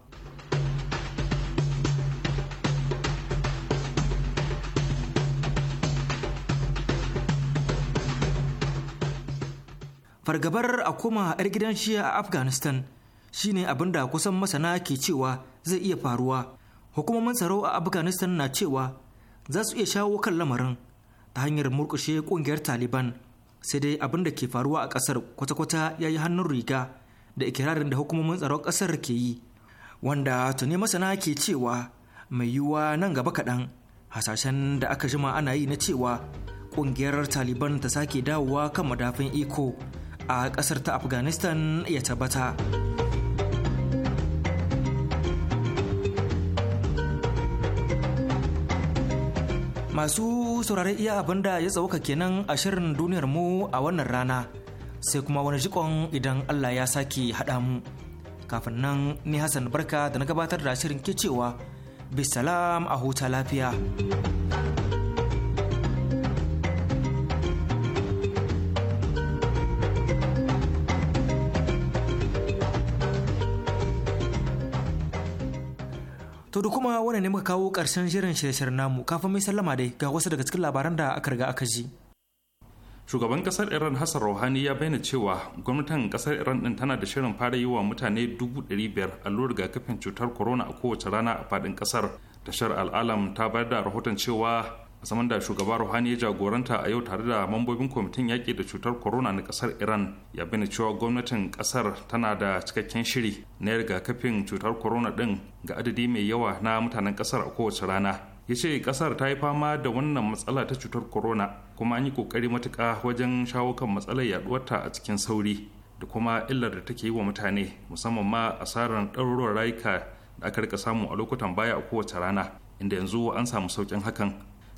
Speaker 1: fargabar a koma 'yar gidan shiya a afghanistan shine abin da kusan masana ke cewa zai iya faruwa hukumomin tsaro a afghanistan na cewa za su iya shawo kan lamarin ta hanyar murkushe kungiyar taliban sai dai abin da ke faruwa a kasar kwata-kwata ya yi hannun riga da ikirarin da hukumomin tsaron kasar ke yi wanda tuni masana ke cewa mai yiwuwa nan gaba kaɗan hasashen da aka jima ana yi na cewa kungiyar taliban ta sake dawowa kan madafin iko a kasar ta afghanistan ya tabbata. masu saurari iya abin da ya tsawuka kenan a shirin duniyar mu a wannan rana sai kuma wani jikon idan Allah ya sake haɗa mu kafin nan ni Hassan Barka da na gabatar da shirin ke cewa bisalam a huta lafiya. To da kuma wani ne muka kawo ƙarshen shirin shirye-shiryen namu kafin mai sallama dai ga wasu daga cikin labaran da aka riga aka ji.
Speaker 2: Shugaban kasar Iran Hassan Rouhani ya bayyana cewa gwamnatin kasar Iran din tana da shirin fara yi wa mutane biyar allurar rigakafin cutar corona a kowace rana a faɗin kasar. Tashar al'alam ta bayar da rahoton cewa saman da shugaba ruhani ya jagoranta a yau tare da mambobin kwamitin yaƙi da cutar corona na ƙasar iran ya bani cewa gwamnatin ƙasar tana da cikakken shiri na rigakafin cutar corona ɗin ga adadi mai yawa na mutanen ƙasar a kowace rana ya ce ƙasar ta yi fama da wannan matsala ta cutar corona kuma an yi kokari matuka wajen shawo kan matsalar yaɗuwarta a cikin sauri da kuma illar da take yi wa mutane musamman ma asarar ɗaruruwar rayuka da aka rika samu a lokutan baya a kowace rana inda yanzu an samu sauƙin hakan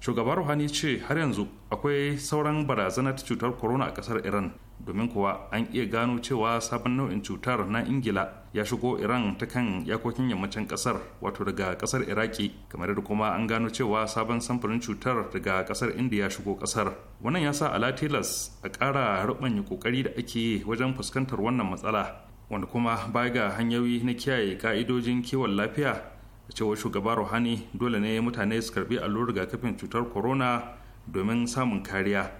Speaker 2: shugabar ruhani ce har yanzu akwai sauran barazanar cutar corona a kasar iran domin kuwa an iya gano cewa sabon nau'in cutar na ingila ya shigo iran ta kan yakokin yammacin kasar wato daga kasar iraki kamar da kuma an gano cewa sabon samfurin cutar daga kasar indiya shigo kasar wannan ya sa ala a ƙara rubanya kokari da ake wajen fuskantar wannan matsala wanda kuma baya ga hanyoyi na kiyaye ka'idojin kiwon lafiya a cewar shugaba ruhani dole ne mutane su karbi allurar rigakafin cutar corona domin samun kariya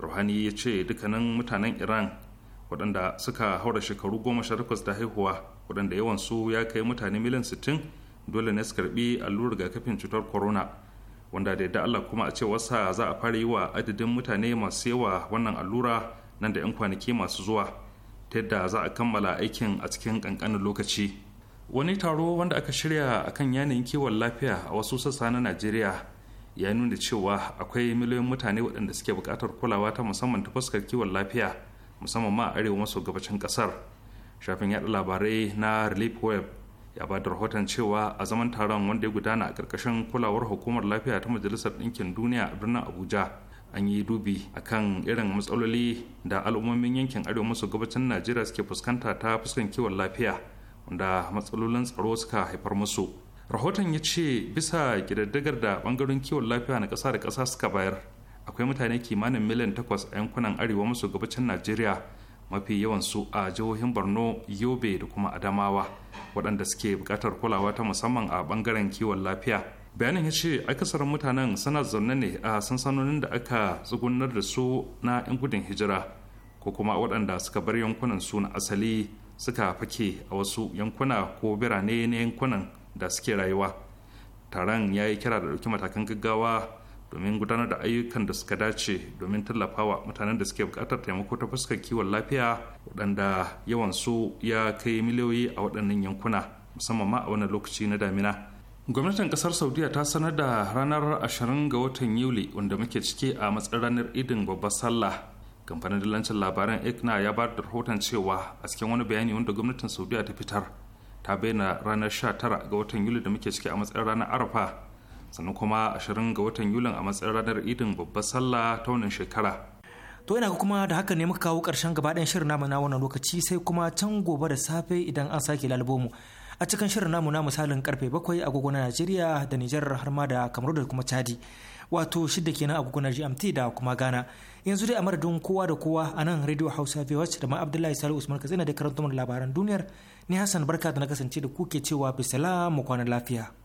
Speaker 2: ruhani ya ce dukkanin mutanen iran waɗanda suka haura shekaru goma sha takwas da haihuwa waɗanda yawansu ya kai mutane miliyan sittin dole ne su karbi allurar rigakafin cutar corona wanda da yadda allah kuma a sa za a fara yi wa adadin mutane masu yawa wannan allura nan da 'yan kwanaki masu zuwa ta yadda za a kammala aikin a cikin ƙanƙanin lokaci wani taro wanda aka shirya akan yanayin kiwon lafiya a wasu sassa na najeriya ya nuna cewa akwai miliyoyin mutane waɗanda suke buƙatar kulawa ta musamman ta fuskar kiwon lafiya musamman ma a arewa maso gabacin ƙasar shafin yaɗa labarai na relief web ya ba da rahoton cewa a zaman taron wanda ya gudana a ƙarƙashin kulawar hukumar lafiya ta majalisar ɗinkin duniya a birnin abuja an yi dubi akan irin matsaloli da al'ummomin yankin arewa maso gabacin najeriya suke fuskanta ta fuskan kiwon lafiya da matsalolin tsaro suka haifar musu rahoton ya ce bisa kididdigar da bangaren kiwon lafiya na ƙasa da ƙasa suka bayar akwai mutane kimanin miliyan takwas a yankunan arewa maso gabacin najeriya mafi yawan su a jihohin borno yobe da kuma adamawa waɗanda suke buƙatar kulawa ta musamman a bangaren kiwon lafiya bayanin ya ce akasarin mutanen suna zaune ne a sansanonin da aka tsugunar da su na 'yan gudun hijira ko kuma waɗanda suka bar yankunan su na asali suka fake a wasu yankuna ko birane na yankunan da suke rayuwa taron ya yi kira da ɗauki matakan gaggawa domin gudanar da ayyukan da suka dace domin tallafawa mutanen da suke bukatar taimako ta fuskar kiwon lafiya waɗanda yawansu ya kai miliyoyi a waɗannan yankuna musamman ma a wannan lokaci na damina gwamnatin kasar saudiya ta sanar da ranar 20 ga watan yuli wanda muke ciki a matsayin ranar idin babbar sallah kamfanin dillancin labaran ikna ya ba da rahoton cewa a cikin wani bayani wanda gwamnatin saudiya ta fitar ta bayyana ranar 19 ga watan yuli da muke ciki a matsayin ranar arafa sannan kuma ashirin ga watan yulin a matsayin ranar idin babbar sallah ta wannan shekara to ina kuma da haka ne muka kawo karshen gaba shirin namu
Speaker 1: na wannan lokaci sai kuma can gobe da safe idan an sake lalbomu a cikin shirin namu na misalin karfe bakwai agogo na Najeriya da Nijar har ma da Kamaru da kuma Chadi wato shida kenan a gugunar GMT da kuma gana Yanzu dai a madadin kowa da kowa a nan Radio Hausa VOH da ma Abdullahi Salihu Usman Katsina da karantar labaran duniyar ni Hassan Barka da na kasance da kuke cewa bisala mu kwana lafiya.